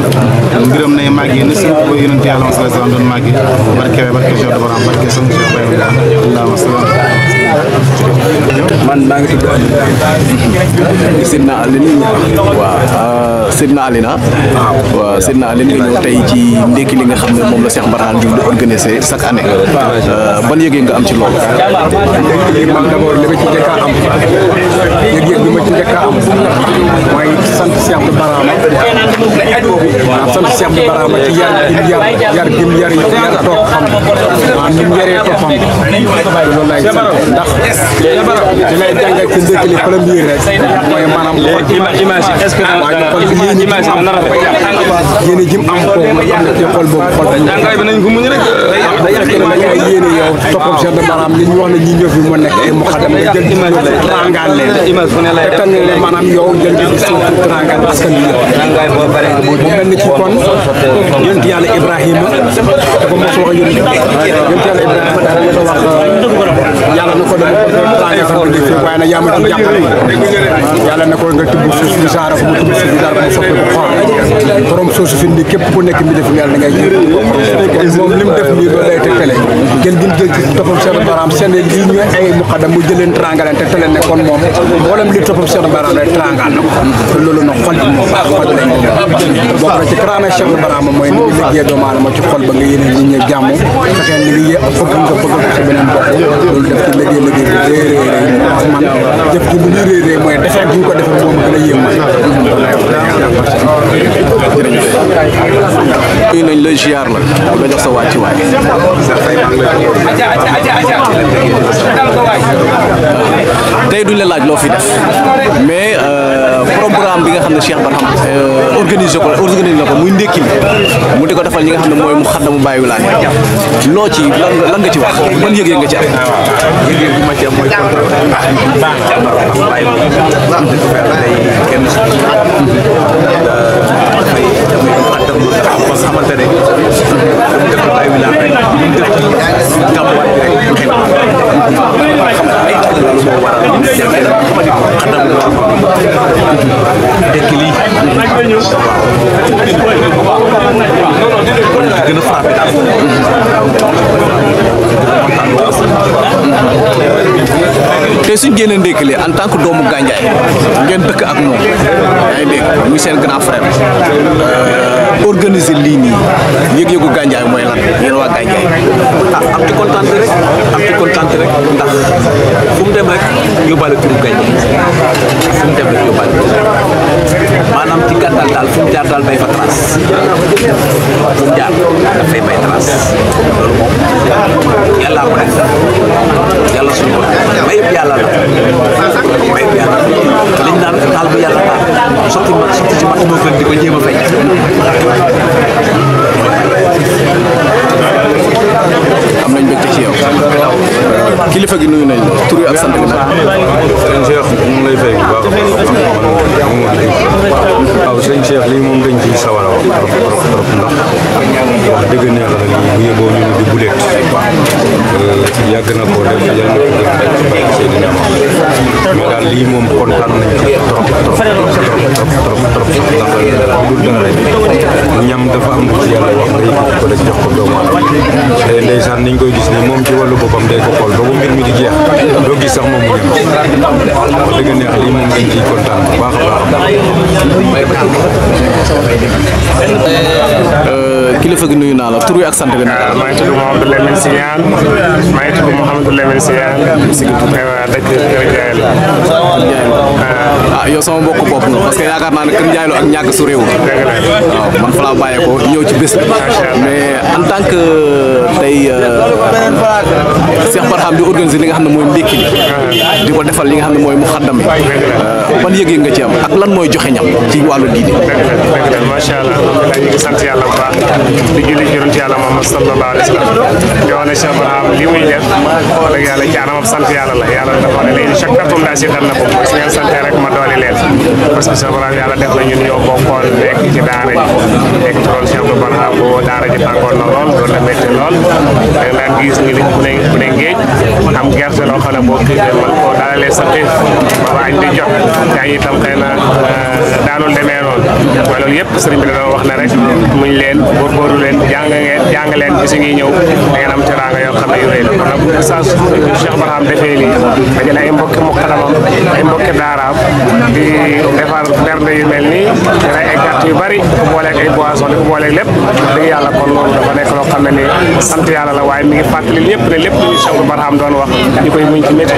mbiram nay màggee na sëñ ko yonent yàlla sallallahu alayhi wasallam doon màggee barke barke jox man ngi Seydina Alina ah. waaw Seydina Alina nga ñëw tey ci ndékki li nga xam ne moom la Cheikh Mbaraan Diouf di organisé chaque année euh, ban yëgee nga am ci loolu yëg-yëg man d'abord li ma ci njëkk a am yëg-yëg bi ma ci njëkk a am mooy sant Cheikh bi Baraama waaw sant Cheikh bi Baraama ci yar bi mu yar yar bi mu yar yar toog xam waaw ni mu yaree toog xam loolu laay sant ndax li lay jàngal ci ndékki li premier rek mooy maanaam xool ci 你买什么了？yéene jëm am ko nga xam ne tey xol boobu xol dañu day ne nag ay li ñu wax ne ñi ñëw fi moo nekk ay muqaddam nga jël image trangal leen te tànn leen maanaam yow jël jël surtout trangal askan bi yëpp mu mel ni ci kon yonent yàlla Ibrahima dafa mos wax yonent yonent yàlla Ibrahima dafa mos wax yàlla na ko dama ko trangal fan bi waaye nag yaa ma ci jàppale yàlla na ko nga tibb suuf bi saara ko mu mu soppi ko xool moom soo su fi ni képp ku nekk mbindéef yàlla da ngay jël moom li mu def nii loolu lay jël gi jël ci toppam seen baaraam seen lii ñu ay muqaddam mu jëleen trangaleen tegtale te loolu nag xol bi moo baax xol lañ bokk ci mooy ni nga liggéey doomu aadama xol ba nga yéene nit ñi jàmm fexeel ni nga yë bëgg nga bëggal ko sa beneen bopp loolu def ci liggéey liggéey bu réy réy réy man jëf gi lu ñuy réy réy defee gi ñu ko defee moom gën a yéem nuyu nañ la ziar la la jox sa wàcci waay tey duñ la laaj loo fi def mais euh, programme bi nga xam ne Cheikh Barham euh, organisé ko organisé na ko muy ndékki mu di ko defal ñi nga xam ne mooy mu xadda mu bàyyi loo ci lan nga lan nga ci wax ban yëg-yëg nga ci am. yëg-yëg bu ma ci am mooy kontaan dëkk lii gën a frappé daal te suñ génne ndékkale en tant que doomu gànjaay ngeen dëkk ak moom yaa ngi dégg muy seen grand frère euh, organiser lii nii yëg-yëgu gànjaay mooy lan yéen waa gànjaay ah am ci kontaan rek am ci kontaan rek ndax fu mu dem rek yóbbaale turu gànjaay fu mu dem rek yóbbaale maanaam ci gàttal daal fu mu jaar daal bay fa trace fu mu jaar dafay bay trace loolu moom yàlla ko rek yàlla suñu borom mayëpp yàlla la mayëpp yàlla la liñ naan taal bu yàlla taal sotti ma sotti ci mat moo gën di ko jéem am nañ bëgg ci yow kilifa gi nuyu nañ tur ak sant gi sëñ cheikh mu lay fay bu baax waaw sëñ cheikh li moom dañ ci sawara trop trop trop ndax wax dëgg neex la bu yeboo ñu di euh, yàgg na ko def na ko def ci mais daal lii moom kontaan nañ trop trop trop trop ndax dara ñam dafa am ci yàlla wax ko jox ko doomu ndeysaan niñ koy gis ne moom ci wàllu boppam day ko xool boobu mbir mi di jeex doo gis sax moom mu dem wax dëgg neex lii moom dañ kontaan bu baax a baax eh, nuyu naa la tur wi ak sant ah, maa ngi tudd Mouhamadou maa ngi tudd Mouhamadou si dëkk Kër ah yow sama mbokk bopp nga parce que yaakaar naa ne Kër Ndiaye ak ñàkk su réew waaw man fa laa ñëw ci bés mais en tant que euh, tey bi euh, Cheikh Barham di organiser li nga xam ne mooy ndékki li di ko defal li nga xam ne mooy mu xaddam euh, ban yëg-yëg nga ci am ak lan mooy joxe ñam ci wàllu diine macha allah alhamdulilah ñu ngi sant yàlla bu baax di julli juróom ci yàlla moom sallallahu alayhi wa sallam di wax ne Cheikh Barham li muy def wax dëgg yàlla ci anamam sant yàlla la yàlla dafa ne léegi chaque personne daa si dan na ko su ngeen sante rek parce que sa borom yàlla def na ñun ñoo bokkoon nekk ci daara ji nekk ci loolu Cheikh daara ji na lool loolu la métti lool da daan gis ñu liñ ne bu ne ngéej am gerte loo xam ne boo xiifee man koo daalalee sa xiif ba ba añ di jot yaa ngi itam xëy na euh, daanul demee noonu waaye loolu yëpp sëriñ bi da doon wax ne rek muñ leen góorgóorlu leen jàng ngeen jàng leen bi si ngi ñëw da ngeen am teraanga yoo xam ne yu rëy la kon nag saa mbokki muqadamam mbokki daaraam di defar bernde yu mel nii dina ay gàtt yu bari di ko booleeg ay boisson di ko booleeg lépp dëgg yàlla kon dafa la waaye mi ngi fàttali ñëpp ne lépp lu ñu Cheikh Barham doon wax ñu koy muñ ci métti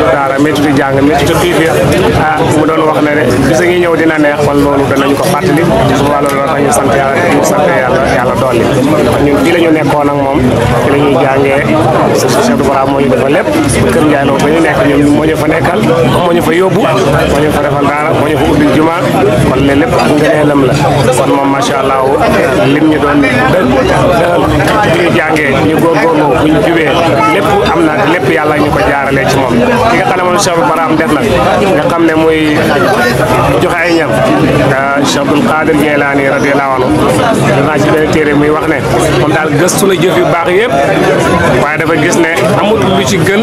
di jàng métti di xiifir ah mu doon wax ne ne bis ngi ñëw dina neex kon loolu danañ ko fàttali su boobaa loolu dafa ñu sant yàlla te ñu sant yàlla yàlla dolli ñun fii fa nekkal moo fa yóbbu moo fa defal daara moo fa ubbil jumaa kon le lepp ak ngeenelam la kon mom ma sha Allah lim ñu doon ñu jàngé ñu góor góorlu bu lepp am na lepp yàlla ñu ko jaarale ci moom ki nga xam ne Cheikh Baram def nag nga xam ne joxe ay ñam ah, Cheikh Abdul Qadir Geelani radiyallahu anhu dana ci benn téere muy wax ne gëstu na jëf yu baax yépp dafa gis ne lu ci gën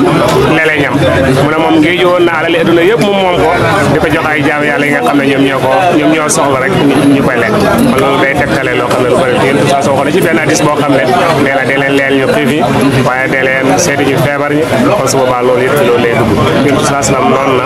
lele ñam mu ne moom aduna yépp ko di jox ay jaam yàlla nga ñoo ñoo ko ñoom ñoo soxla rek ñu koy lekk kon loolu day tegtale loo xam ne lu bëri yéen saa soo xoolee ci benn addis boo xam ne nee na dee leen leel ñu xiif yi waaye dee leen seeti ñu feebar ñi kon su boobaa loolu yëpp loolu lay dugg yéen saa si noonu la.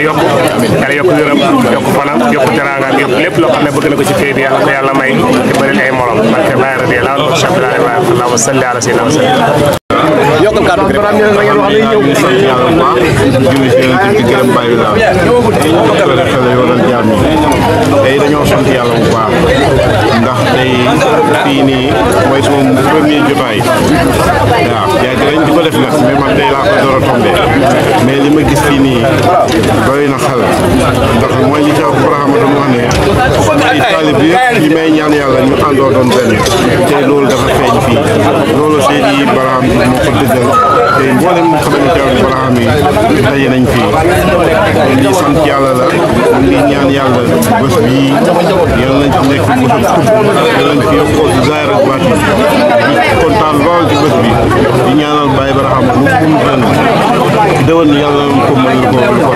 yokk yàlla yokk wéram yokk fanam yokk teraangaam yokk lépp loo xam ne bëgg na ko ci fee bi yàlla ko yàlla may te bëri ay morom barke Baay radiyallaahu anhu wa salli ala sayyidina joxul kàddu gi rek. dañoo sant yàlla bu baax ndax tey fii nii mooy sama premier jotaay waaw yaa ngi lañ di ko def nag mais tey laa ko a tombé mais li ma gis fii nii doy na xel ndax mooy li Thiaw Brahima doon wax ne ay taalib yëpp li may ñaan yàlla ñu àndoo benn te loolu dafa feeñ fii loolu Seydi Brahima moo ko dëgg 不 te mboolem xamante ne baraam yi daje nañ fii kon lii sant yàlla la kon lii ñaan yàlla bés bii yàlla nañ ci nekk bu bés yàlla nañ fi yokkoo si zaahir ak baatin di kontaan lool ci bés bi di ñaanal Baye Barham lu mu gum ren déwén yàlla nañ ko mën ko lu ko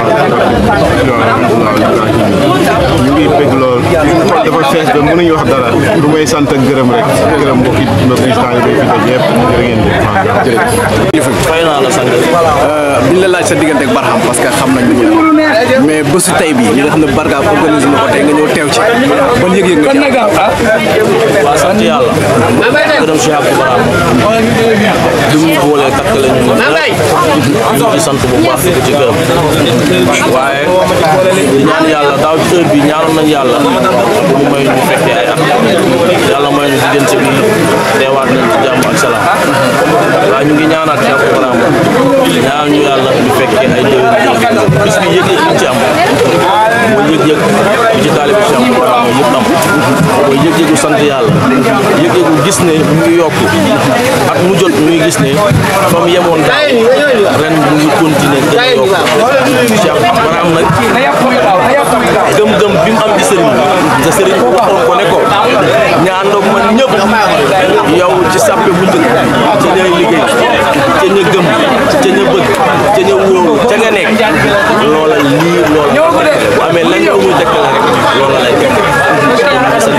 ñu ngi bëgg lool dafa fees ba mënuñu wax dara du may sant ak gërëm rek gërëm mbokki mbokki taalibe bi fi daje yëpp jërë ngeen jëf fay euh, naa la sa diggante ak parce que xam nañ ñu mais bésu tey bi li nga xam ne Barham organisé na ko tey nga ñëw teew ci ban yëg ci yàlla. gërëm si yàlla Barham. bi mu boolee kat la ñu ñu ngi sant bu baax di ko ci gërëm. waaye ñaan yàlla daaw ci heure bi ñaanoon nañ yàlla mu may ñu fekkee ay at yàlla may ñu diggante bi teewaat nañ ci jàmm ak salaam waaye ñu ngi ñaanaat yàlla salaam ñaan ñu yàlla ñu fekkee ay déwén bis bi yëg-yëg ñu ci am mooy yëg-yëg bu ci taalibe bi am waaw yëpp am yëg-yëgu sant yàlla mu ngi yokk mu jot gis ne fa mu yemoon daal ren mu ngi continuer gën a yokk ci am maanaam nag gëm-gëm bi mu am ci sëriñ bi te sëriñ bi waxoon ko ne ko ñaandoog man ñëpp yow ci sàppe bu njëkk ci lay liggéey gëm ca ña bëgg ca ña wóolu ca nga nekk loola lii loola bu amee lan ko muy dëkk rek loola lay fekk sant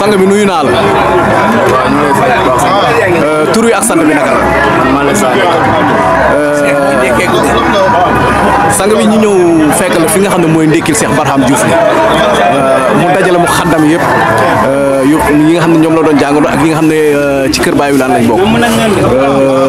sang bi nuyu naa la. waaw ñu euh, euh, bi ñu ñëw fekk la fi nga xam ne mooy ndékkil seex Barham Diouf bi euh, mu dajale mu xaddam yëpp yëpp nga xam ne ñoom la doon jàngandoo ak ñi nga xam ne ci kër Baye Wilane lañ bokk.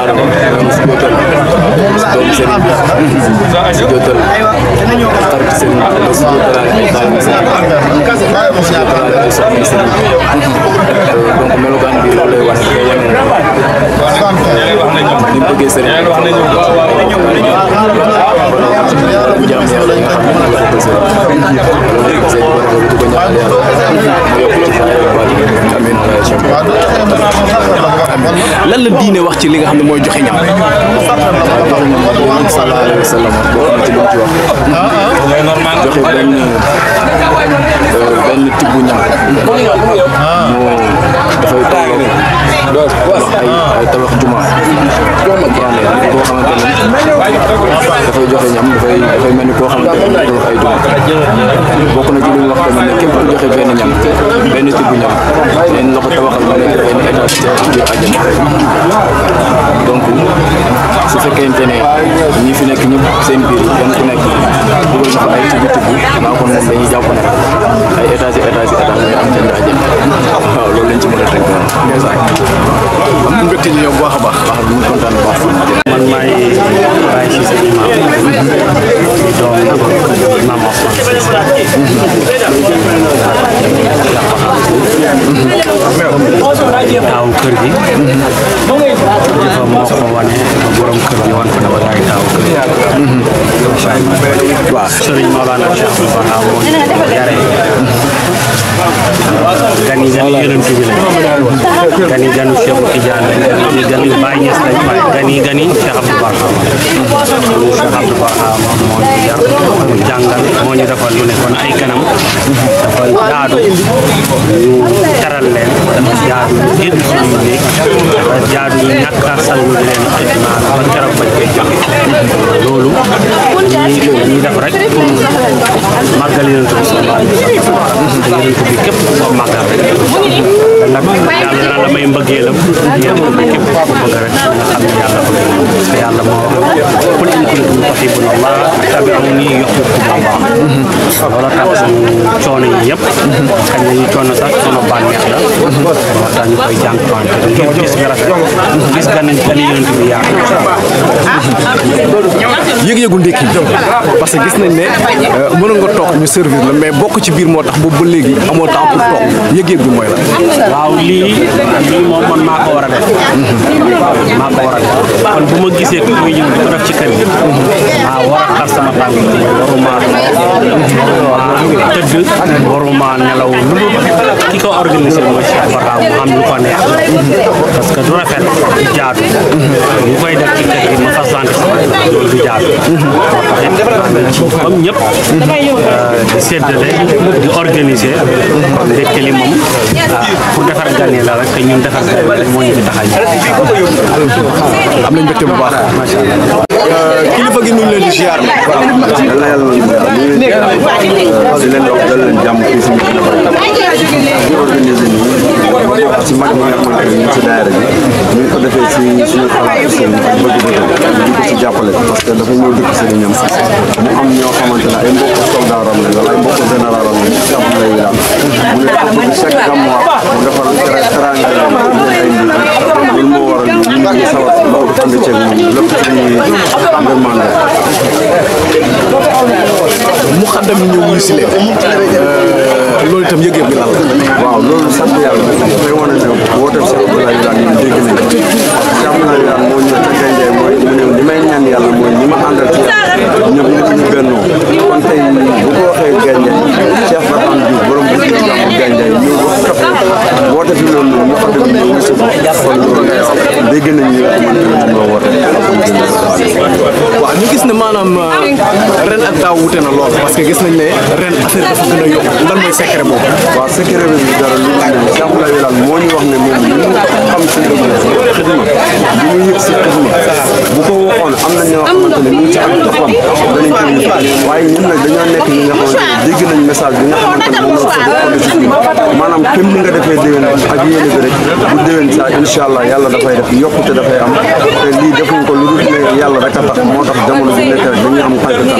Adama mu si jóotal si doomu Serigne bi si jóotal xarit Serigne bi ba si jóotalaale ay taalibe Serigne bi si jóotalaale ay soxna Serigne bi donc melokaan bi loolu lay wane dafay wane ni mu bëggee Serigne bi jaam yàlla yi nga xam ne dafa ko Serigne lan la diine wax ci li nga xam ne mooy joxe ñam. waaw sallallahu alayhi wa sallam boo ci lu ci wax. joxe benn benn tibb ñam. dafay tabax ay ay tabax juma. boo xamante ne dafay joxe ñam dafay dafay mel ni koo xamante ne ay juma bokk na lu mu wax dama ne képp ku joxe benn ñam benn tibb ñam neen na ko su fekkente ne ñi fi nekk ñëpp seen biir kenn nekk dugal na ko ay tibb tibb maa kon moom dañuy jàpp ne ay étage yi étage yi am ca biir waaw loolu lañ ci mën a teg noonu. am na mbégte ñu yow bu baax a baax. wax dëgg ñu si tahu kerja juga mau kawan borong kerjaan pada waktu tahu kerja wah sering malah nasi apa kamu kan kan banyak sekali kan izan ini siapa berkam siapa berkam mau jangan mau nyerah kalau nekon aikanam dafa jaadu ñu teral leen dafa jaadu ñu génn suñu néeg dafa jaadu ñu ñàkk a sangu di leen xidmaal ba keroog bañ koy joxe loolu ñu def rek pour màggal yonent bi sallallahu alayhi wa sallam te yonent bi képp ku ko màggal rek ndax yàlla la may mbëggeelam yéen képp ku ko nga xam ne yàlla bëgg na te yàlla moo qul in kuntum tuhibbuuna llaaha fattabi'uunii yuhbibkumu llaah loolu tax ñu coono yi yëpp xañ na ñu coono sax sama bànneex la moo tax ñu koy jànkuwante ngir gis nga rafet gis nga nañ kan yonent bi yëgu ndékki parce que gis nañ ne euh, mënoon nga toog ñu servir la mais bokk ci biir moo tax boobu ba léegi amoo temps pour toog yëg-yëg bi mooy la waaw lii lii moom man maa ko def maa ko def kon bu ma gisee muy ñëw di ko def ci kër gi maa ah, war xar sama tànk waruma waruma waruma nelaw lu ki ko organisé mooy Cheikh mu am lu ko neex parce que du rafet koy def ci kër ma sama du comme euh, di di organiser ku defar gane la rek ñun defar gane moo ñu fi tax a ñëw am nañ mbégte bu baax macha allah euh, kilifa gi ñu ngi leen di ziar waaw yàlla yàlla ñu ngi leen di leen wax dal leen jàmm fii si ñu organiser nii ci mag ñi nga xamante ne ñu ci daayira bi ñu ko defee ci suñu xalaat seen bëgg-bëgg ñu ko ci jàppale parce que dafa ñëw dëkk seen ñam mu am ñoo xamante ne ay mbokk soldaaram lañ wala ay mbokk généralam lañ ci am lay daal mu ne dafa bëgg chaque gàmmu mu defaral teranga ay mbir ñu ñu ngi sawar loolu ci ndërmande loolu itam yëg-yëg bi lan la. waaw loolu sant yàlla dafay wane ne boo def Cheikh Abdoulaye Wilane yi dégg nañ ko Cheikh Abdoulaye Wilane moo ñu te gàncax mooy mu ne li may ñaan yàlla mooy ñi ma àndal ci ñëpp ñëpp ñu bennoo kon tey bu ko waxee gàncax Cheikh Fatou Diouf borom bu ci jàmm gàncax yi ñëw wax kafe boo defee noonu ñu xam ne ñu ngi si kon loolu dégg nañ ñu man ma war a waaw ñu gis ne maanaam euh, ren ak daaw wute na lool parce que gis nañ ne ren affaire dafa gën a yokk lan mooy secret boobu. waaw secret bi dara lu ñu ne Cheikh Moulay moo ñu wax ne moom xam si dëgg la xidma li mu yëg si xidma bu ko waxoon am na ñoo ne ñu ngi ci am doxam danañ waaye nekk ñi nga xamante ne nañ message bi nga xamante ne moom la ak yéene bi rek bu déwén saa incha allah yàlla dafay def yokkute dafay am te lii defuñ ko lu dul ne yàlla rek a tax moo tax jamono bi nekk rek dañuy am tànk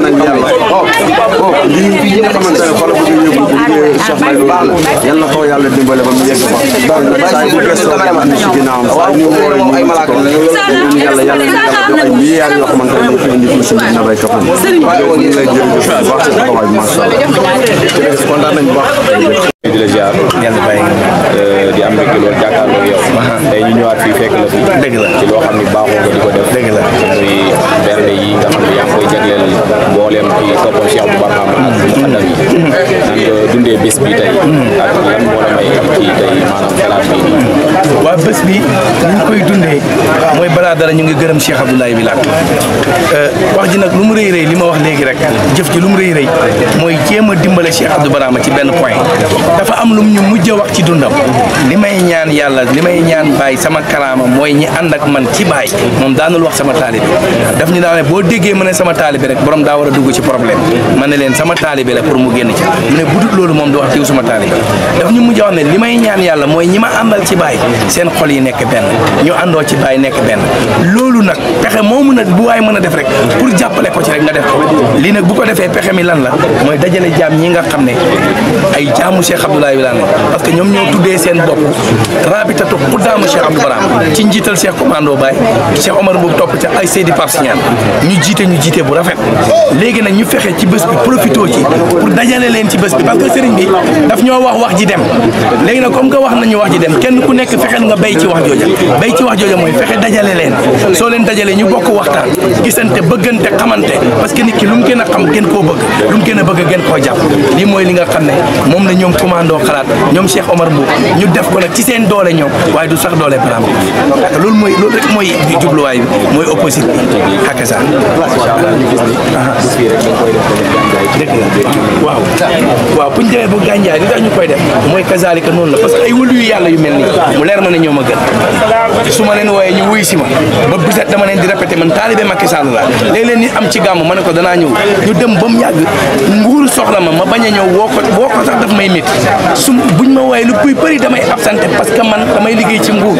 ñaanal yàlla oh, oh, oh lii fii nga xamante ne la bëgg a la yal na yàlla dimbale ba mu yegg fa saa bu gëstoo yàlla ñu ci ginnaawam saa ñu wóor ñu ci ko ñun yàlla yàlla ñu yàlla jox ay milliards yoo xamante ne fi indi fii suñu bay kapam waaye ñu lay jërëjëf baax sa taxawaay macha allah kontaan nañ bu baax di la ziar yàlla bàyyi euh, di am mbégte loolu jàkkaarloo yow tey ñu ñëwaat fii fekk la di ko def dëgg mboolem ci soppo Cheikh bu baax maanaam si xaddam dundee bés bi tey ak lan moo la may am ci tey maanaam waaw bés bi ni ñu koy dundee mooy balaa dara ñu ngi gërëm Cheikh Abdoulaye bi laa euh, wax ji nag lu mu rëy rëy li ma wax léegi rek jëf ji lu mu rëy rëy mooy jéem a dimbale Cheikh Abdou Barama ci benn point dafa am lu ñu mujj a wax ci dundam li may ñaan yàlla li may ñaan Baye sama kalaama mooy ñi ànd ak man ci baay moom daanul wax sama taalibe daf ñu daane boo déggee ma ne sama taalibe rek borom daa war a dugg ci problème ma ne leen sama taalibe la pour mu génn ci mu ne budut loolu moom du wax tiw sama taalibe daf ñu yàlla mooy ñi ma àndal ci Baye seen xol yi nekk benn ñu àndoo ci bàyyi nekk benn loolu nag pexe moo mën a bu waay mën a def rek pour jàppale ko ci rek nga def ko lii nag bu ko defee pexe mi lan la mooy dajale jaam ñi nga xam ne ay jaamu cheikh abdoulaye bi parce que ñoom ñoo tuddee seen bopp rabitatu xuddaamu cheikh abdou baram ci njiital cheikh commando baay cheikh omar boobu topp ci ay seydi pap siñaan ñu jiite ñu jiite bu rafet léegi nag ñu fexe ci bés bi profito ci pour dajale leen ci bés bi parce que sëriñ bi daf ñoo wax wax ji dem léegi nag comme que wax nañu wax ji dem kenn ku nekk fexe fexeel nga bay ci wax jooja bay ci wax jooja mooy fexe dajale leen soo leen dajalee ñu bokk waxtaan gisante bëggante xamante parce que nit ki lu mu gën a xam gën koo bëgg lu mu gën a bëgg gën koo jàpp lii mooy li nga xam ne moom la ñoom commando xalaat ñoom Cheikh Omar Mbuub ñu def ko nag ci seen doole ñoom waaye du sax doole param bi waaw waaw bu gànjaay li tax ñu koy def mooy kazaalika noonu la parce que ay wëlu yu yàlla yu mel nii leer na ne ñoma ma gën te su ma leen wooyee ñu wuy si ma ba biset dama leen di répéter man talibé Macky Sall la léeg-léeg ni am ci gamu mané ko dana ñew ñu dem bam mu nguur soxla ma ma baña ñew woko woko sax daf may métti su buñ ma wooyee lu kuy bëri damay absenté parce que man damay liggéey ci nguur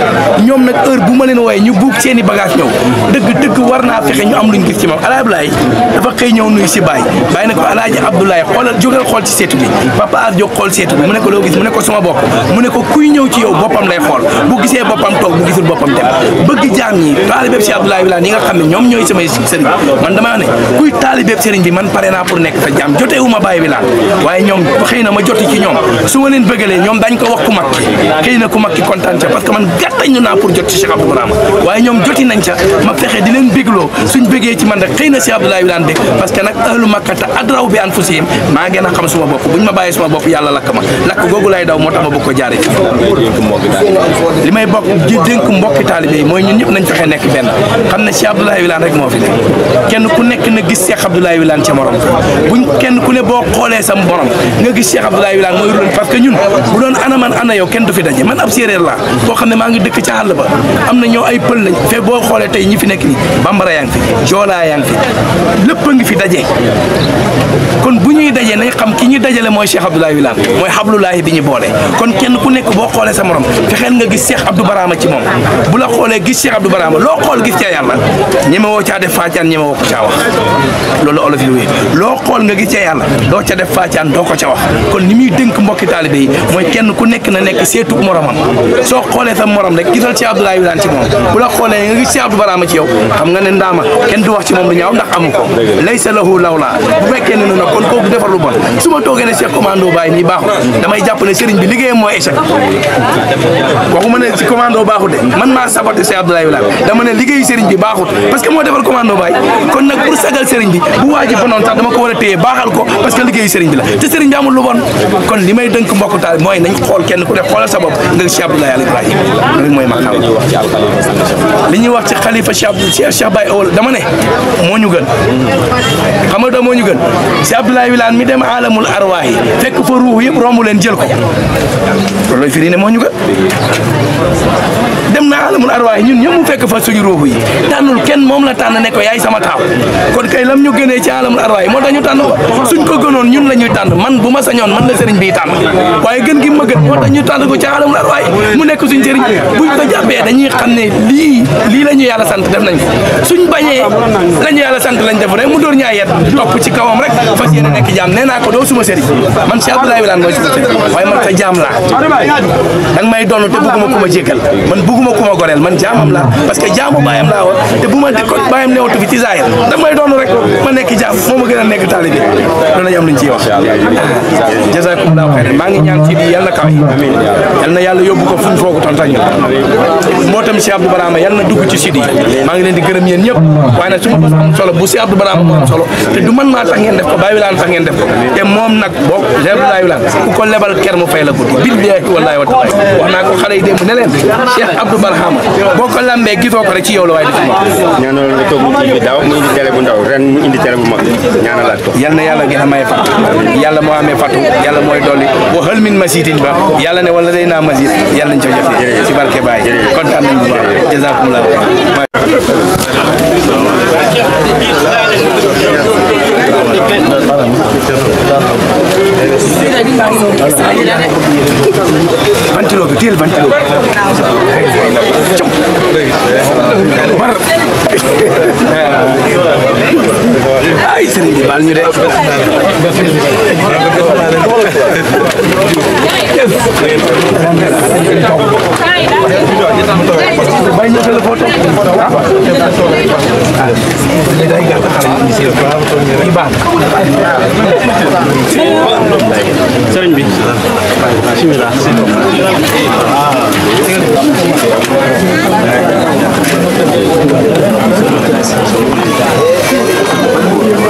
ñom nak heure bu ma leen wooyee ñu buub seeni bagage ñew deug deug warna fexé ñu am luñu gis ci mam alaaj Abdoulaye dafa xey ñew nuy ci bay bay nak ko alaaji Abdoulaye xolal jogal xol ci setu bi papa ar jog xol setu bi mu ne ko lo gis mu ne ko suma bopp mu ne ko kuy ñew ci yow bopam lay xol bu gisee boppam toog bu gisul boppam dem bëgg jaam ñi taalibeb si Abdoulaye Wilane yi nga xam ne ñoom ñooy samay sëriñ man damaa ne kuy taalibeb sëriñ bi man pare naa pour nekk sa jaam joteewuma Baye Wilane waaye ñoom xëy na ma joti ci ñoom su ma leen bëggalee ñoom dañ ko wax ku mag ki xëy na ku mag ki kontaan ca parce que man gàttañu naa pour jot ci Cheikh Abdou Brahma waaye ñoom joti nañ ca ma fexe di leen bégloo suñ bëggee ci man rek xëy na si Abdoulaye Wilane dégg parce que nag ahlu makkata adraw bi an fusihim maa gën a xam suma bopp buñ ma bàyyi suma bopp yàlla lakk ma lakk googu lay daw moo tax ma bëgg ko jaare ci li may bokk ji dénk mbokki taalibe yi mooy ñun ñëpp nañ fexe nekk benn xam ne Cheikh Abdoulaye Wilane rek moo fi nekk kenn ku nekk na gis Cheikh Abdoulaye Wilane kenn ku ne boo xoolee sa morom nga gis Cheikh Abdoulaye Wilane mooy ruloon parce que ñun bu doon ana man ana yow kenn du fi daje man ab séeréer laa xam ne maa ngi dëkk ca àll ba am na ñoo ay pël boo xoolee tey ñi fi nekk nii bambara yaa ngi fi joolaa yaa ngi fi lépp ngi fi daje kon bu ñuy dajee nañ xam ki ñu dajale mooy Cheikh Abdoulaye Wilane mooy xablulaahi bi ñu boole kon kenn ku nekk boo xoolee sa morom nga gis Cheikh Abdou Barama ci moom bu la xoolee gis Cheikh Abdou Barama loo xool gis ca yàlla ñeme woo caa def faacaan ñeme woo ko caa wax loolu olof yi loo xool nga gis ca yàlla doo ca def faacaan doo ko ca wax kon ni muy dënk mbokki taalibe yi mooy kenn ku nekk na nekk seetu moromam soo xoolee sa morom rek gisal Cheikh Abdoulaye Wilane ci moom bu la xoolee nga gis Cheikh Abdou Barama ci yow xam nga ne ndaama kenn du wax ci moom lu ndax amu ko laysa lahu lawla bu fekkee ne nag kon kooku defar lu bon su ma toogee ne Cheikh Commando Baye mi baaxul damay jàpp ne sëriñ bi liggéeyam mooy échec waxuma ne ci commando baaxut de man maa saboté si Abdoulaye Wilane dama ne liggéeyu sëriñ bi baaxut parce que moo defal commando baay kon nag pour sagal sëriñ bi bu waa ji bonoon sax dama ko war a téye baaxal ko parce que liggéeyu sëriñ bi la te sëriñ bi amul lu bon kon li may dënk mbokk taal mooy nañ xool kenn ku def xoolal sa nga si Abdoulaye Al Ibrahim wax ci xalifa Cheikh ne moo ñu gën xam nga doo moo ñu gën si Abdoulaye Wilane mi dem alamul arwaahi fekk fa ruux yëpp romb leen jël ko loolu firi moo Thank you. aalamul arwaax ñun ñëpp mu fekk fa la tànn ne ko yaay sama taaw kon kay lam ñu gënee ci aalamul la ñuy man bu ma sañoon man la sëriñ bii tànn waaye gën gi ma gën moo tax ñu tànn ko ci aalamul arwaax bugguma ku ma man bugguma ku ma goreel man jamam la parce que jamu bayam la won te buma ma dikko bayam newatu fi tizayel zahir damay doon rek ma nek jam moma gëna nek talibé non la yam luñ ci wax la khair ma ngi ñaan ci bi yalla kaw amin yalla yalla yobbu ko fuñ fogu tan tan mo tam ci abdou barama yalla dugg ci sidi ma ngi leen di gëreem yeen ñep waye nak am solo bu ci abdou barama mo am solo te du man ma tax ngeen def ko bayi lan tax ngeen def ko te mom nak bok lebu lay lan ku ko lebal ker mu fay la guddi billahi wallahi wa ta'ala wax na ko xalé dem ne leen cheikh abdou xam nga boo ko lambee gisoo ko rek ci yow la waaye di fi ñaanal nga toog mu indi daaw mu indi télé bu ndaw ren mu indi télé bu mag ñaanalaat ko yal na yàlla ngeen amee fatu yàlla moo amee fatu yàlla mooy dolli wa hal min masiidin ba yàlla ne wala day naa masiid yàlla nañ ca jëf ci barke Baay kontaan nañ bu baax jazakumullah Thank you. Bunty लोग तेल बंटी लोग मर ay sëriñ bi baal ñu de. sëriñ bi bismillah Thank you.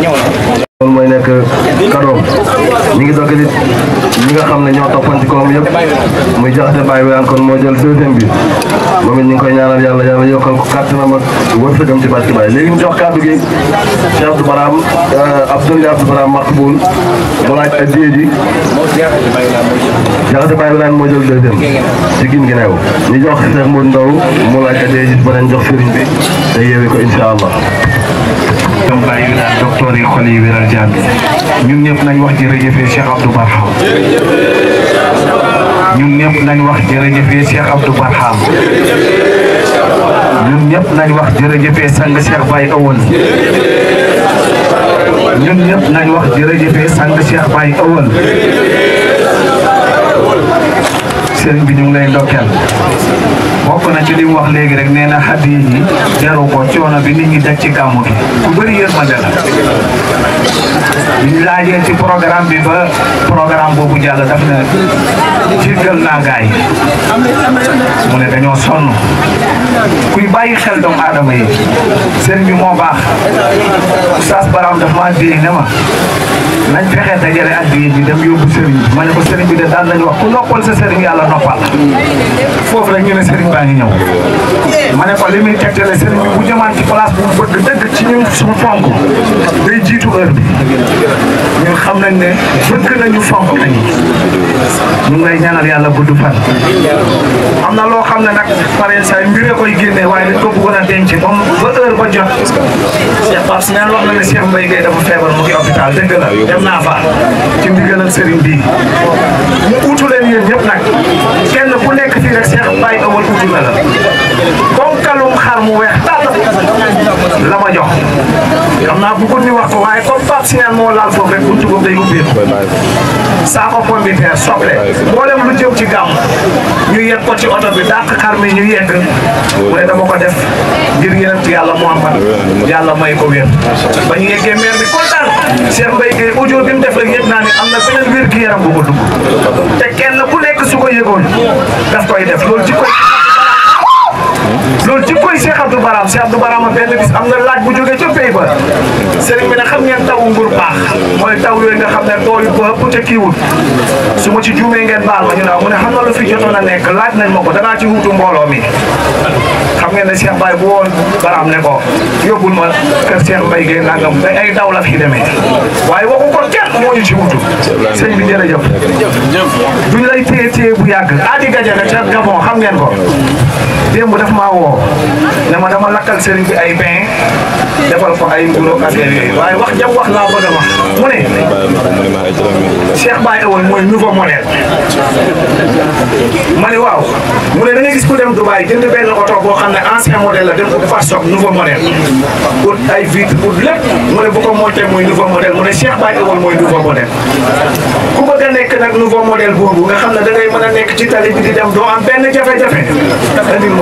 nhau loolu mooy nekk kadoom ñu ngi doog nit ñi nga xam ne ñoo toppanti koom yëpp muy jaxate bàyyi weyaan kon moo jël deuxième bi moom it ñu ngi koy ñaanal yàlla yàlla yokkal ko kàttanam ak wërsëgam ci barke Baye léegi ñu jox kàddu gi Cheikh Abdou Baram euh, Abdoulaye Abdou Baram Makboul mu laaj addiye ji jaxate bàyyi weyaan moo jël deuxième ci gin gi neew ñu jox Cheikh Mour Ndaw mu laaj addiye ji ba leen jox sëriñ bi te yeewi ko incha allah ñoom Baye Wilane docteur yi xol yi wéral jaan ñun ñëpp nañ wax jërëjëfee Cheikh Abdou Barham ñun ñëpp nañ wax jërëjëfee Cheikh Abdou Barham ñun nañ wax sang Cheikh Baye Awal ñun ñëpp nañ wax jërëjëfee sang Cheikh Baye Awal sëriñ bi ñu lay bokk na ci li wax léegi rek nee na hadiya yi jaru ko coono bi nit ñi daj ci gàmmu gi ku bëri yërmande la ñu laajee ci programme bi ba programme boobu jàll daf na jéggal naa gaay yi mu ne dañoo sonn kuy bàyyi xel doomu aadama yi seen bi moo baax Oustaz Baram daf maa déy ne ma nañ fexe dajale addiya bi dem yóbbu sëriñ bi ma ne ko sëriñ bi de daan nañu wax ku noppal sa sëriñ yàlla noppal foofu la ne sëriñ baa ngi ñëw ma ne ko li muy tegtale sëriñ bi bu jëmaan ci place bu mu bëgg dëgg ci ñun suñu fonk day jiitu heure bi ñun xam nañ ne bëgg nañu fonk nañu ñu ngi lay ñaanal yàlla gudd fan am na loo xam ne nag pare say mbiree koy génne waaye dañ ko bëggoon a denc moom ba heure ba jot Cheikh Pape Sina wax na ne Cheikh Mbaye Gueye dafa feebar mu ngi hôpital dëgg la dem naa fa ci ndigalal sëriñ bi mu uutu leen yéen ñëpp nag kenn ku nekk fii rek Cheikh Mbaye awal àddina la ponkalum xar mu weex tàll la ma jox xam naa bëggoon ñu wax ko waaye comme Pape Signane moo laal foofu rek buntu boobu day ubbeeku saako pomme de terre soble mboolem lu jëm ci gàmm ñu yegg ko ci oto bi dàq xar mi ñu yegg mu ne dama ko def ngir yeneen ci yàlla Muhammad yàlla may ko wér ba ñu yeggee maire bi kontaan seen mbay gi audio bi mu def rek yëg naa ne am na beneen wér gi yaram bu ko dugg te kenn ku nekk su ko yëgoon daf koy def loolu ci loolu ci koy Cheikh Abdou Barham Cheikh Abdou Barham benn bis am na laaj bu jógee a pay ba sëriñ bi ne xam ngeen tawu mbur baax mooy taw yooyu nga xam ne tool yu a ëpp te kiiwul su ma ci juumee ngeen baal ma ñu naaw mu ne xam na lu fi jotoon a nekk laaj nañ ma ko danaa ci wutu mbooloo mi xam ngeen ne Cheikh Baye bu woon Barham ne ko yóbbul ma kër bay Mbaye Guèye nangam day ay daw la fi demee waaye waxu ko kenn moo ñu ci wutu sëñ bi jërëjëf bu yàgg aadi gajaga ca xam ngeen ko dia mudah mau nama nama lakukan sering lakkal IP bi ay bain defal ko ay mburu ak yooyu waaye wax jam wax laa mana a wax mau ne Cheikh mana Awal mooy nouveau modèle ma ne waaw dia ne da nga gis ku dem Dubaï jënd benn oto boo mana ne ancien modèle la dem ko far soog nouveau modèle pour ay vitre mau lépp model ne dia nak nak model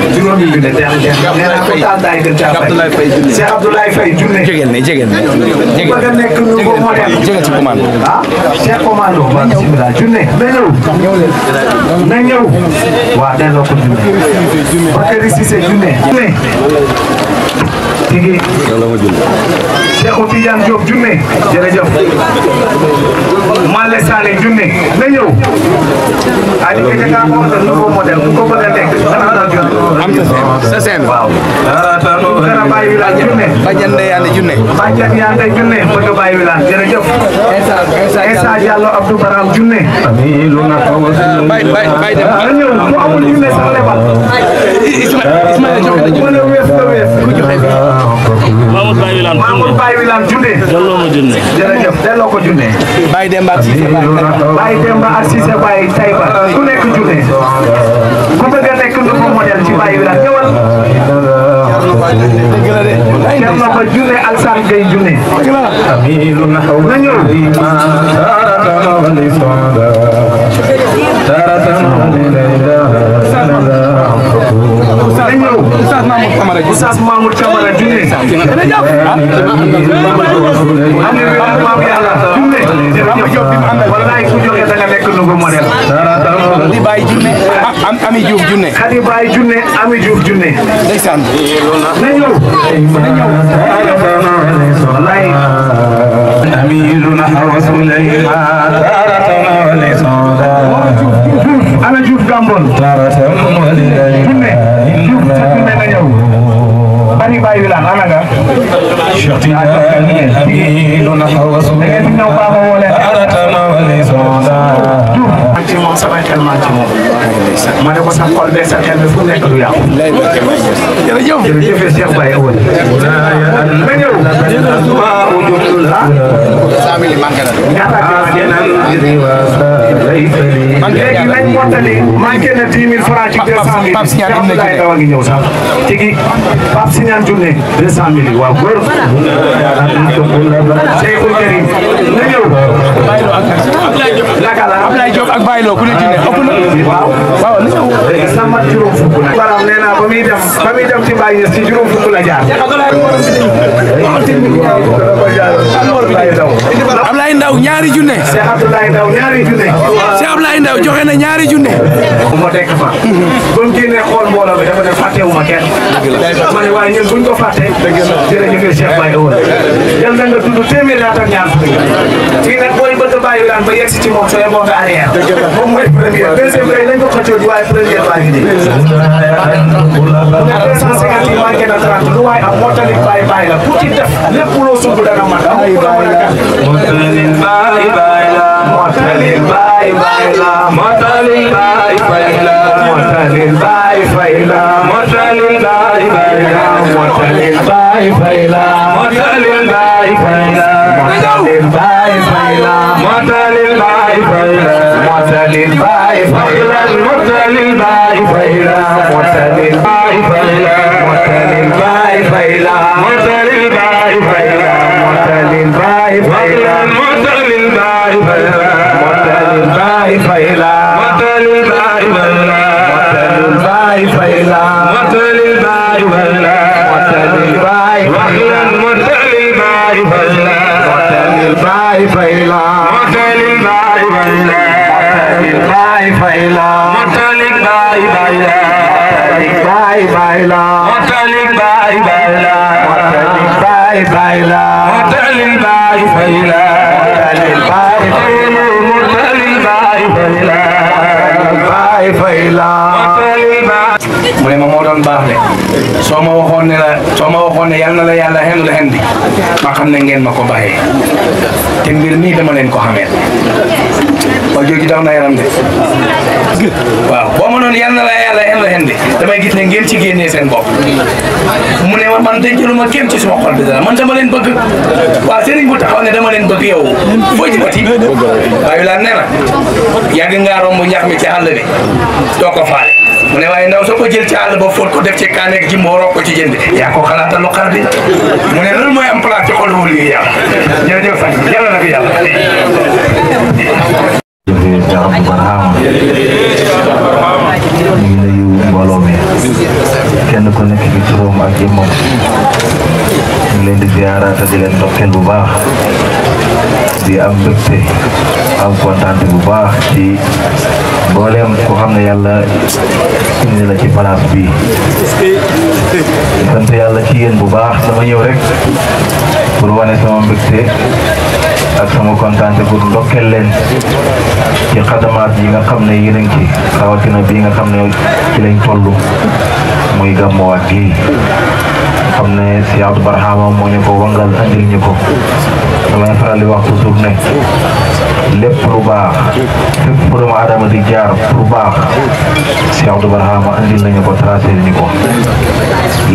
juróomi junne daan daan nee naa ko taal daay gën caa fay. Abdoulaye Faye junne Cheikh Abdoulaye Faye ne jegel ne jegel bëgg a nekk ñu ah, ko tigi Cheikhou Tidiane Diop junne jërëjëf Malle Sané junne na ñëw a di kete ka ko def nouveau modèle bu ko bëgg a nekk am sa seen sa seen waaw dara bàyyi wilaan junne bajande yàlla junne bajande yàlla junne bëgg a bàyyi wilaan jërëjëf Essa Diallo Abdou junne bay bay bay dem na ñëw ku amul junne sax lebal Ismaïla joxe na junne Mamour Baye Wilane Mamour Baye Wilane Dioundé delloo ma junne jërëjëf delloo ko junne Baye Demba ak Cissé Baye Demba ak Cissé Baye Taïba ku nekk junne ku bëgg a nekk lu modèle ci Baye Wilane ñëwal Cerno ko junne Alsaan Gueye junne na ñëw Oustaz Mamour Camara Oustaz Mamour Camara junne dana jàpp maam yàlla junne dama jóg bi mu àndal wallaay su joxe da nga nekk nouveau modèle di bàyyi junne ah, am ami Diouf junne xadi bàyyi junne ami Diouf junne ndeysaan na ñëw na ñëw wallaay أمير نحو سليمان تارة ولسودا ala Diouf Gambol. Junne Diouf ca Junne la ñëw. bari bàyyi lan ana nga. da ngeen di ñëw baaxoo woo leen. ci moom sama xel maa ci moom. ma ne ko sa xol bee sa xel bi fu nekk du yàqu. jërëjëf jërëjëf Cheikh Baye Awone. ma ñëw. waaw jublu la. léegi lañ mottali manqué na dix mille francs ci deux cent mille. Pape Signane am na dawa ngi ñëw sax. tigi Pape Signane junne deux cent mille waaw góor. Seydou Karim na ñëw. Naka la Ablaye Diop ak Baye bàyyi loo ku ne jinne ëpp na waaw waaw li ñu sama juróom fukk la baram nee naa ba muy dem ba muy dem ci Baye Niass juróom fukk la jaar Ablaye Ndaw ñaari junne Cheikh Abdoulaye Ndaw Ndaw joxe na ñaari junne ma dekk fa ba mu génnee xool mbooloo bi dafa kenn ma ne waaye ñun buñ ko fàtte jërëjëf Cheikh Baye woon yal na nga dund téeméeri at ak ñaar fukk fii nag booy bëgg a bàyyi laan ba yegg si ci moom sooy boo nga moom mooy première deuxième kay nañ ko xëccoo ji waaye première baa ngi nii. deux cent cinquante yi manqué na trente lu waay am moo tamit bàyyi bàyyi la ku ci def lépp loo sumb dana mat amul ku la mën a gàtt. motalil bàyyi bàyyi la motalil bàyyi bàyyi la motalil bàyyi bàyyi la motalil bàyyi bàyyi la motalil bàyyi bàyyi la motalil bàyyi bàyyi la motalil bàyyi bàyyi la motalil bàyyi bàyyi la motalil bàyyi الباي فيلا مثل الباي فيلا مثل الباي فيلا مثل الباي فيلا مثل الباي فيلا مثل الباي فيلا مثل الباي فيلا مثل الباي فيلا مثل الباي فيلا مثل الباي فيلا مثل الباي فيلا مثل الباي فيلا مثل الباي فيلا مثل الباي فيلا مثل الباي فيلا Bye, Baila. Motalik, bye, Baila. Motalik, bye, Baila. Motalik, bye, Baila. Motalik, bye, Baila. Motalik, bye, Baila. Motalik, bye, Baila. Motalik, bye, Baila. Motalik, bye, Baila. mu ne ma moo doon baax le soo ma waxoon ne la soo ma waxoon ne yal na la yàlla xendu la xendi ma xam ne ngeen ma ko baaxee te mbir mii dama leen ko xamee waaw jooju daw na yaram waaw boo ma noonu yal na la yàlla en la de damay gis ne ngeen ci génnee seen bopp mu ne ma man denculuma kenn ci suma xol bi dara man dama leen bëgg waaw sëriñ bu taxaw ne dama leen bëgg yow foo jëmati waaye laa nee na yàgg ngaa romb ñax mi ci àll bi doo ko faale mu ne waaye ndaw soo ko jël ci àll ba fóot ko def ci kaaneeg ji mbooroo ko ci jënd yaa ko xalaatal lu xar bi mu ne mooy am place ci xol wu liggéey yàlla jërëjëf Fatou yàlla na ko yàlla Jaram Barhama ñu ngi nuyu mbooloo mi kenn ku nekk ci turam ak jëmmam ngi leen di ziaraata di leen ndokkeel bu baax di am mbégte aw kontaante bu baax ci mbooleem ku xam ne yàlla indi la ci place bi sant yàlla ci yéen bu baax dama ñëw rek pour wane sama mbégte ak sama kontaante pour ndokkeel leen ci xadamaat yi nga xam ne yéen a ngi ci rawatina bii nga xam ne ci lañ toll muy gàmmuwaat gi xamne siyaatu si yaatu barhama moo ñu ko wangal andil ñuko damay faral di wax toujours ne lépp lu baax fépp doomu aadama di jaar lu baax Cheikh Abdou Barhama andil nañu ko tracé ni ko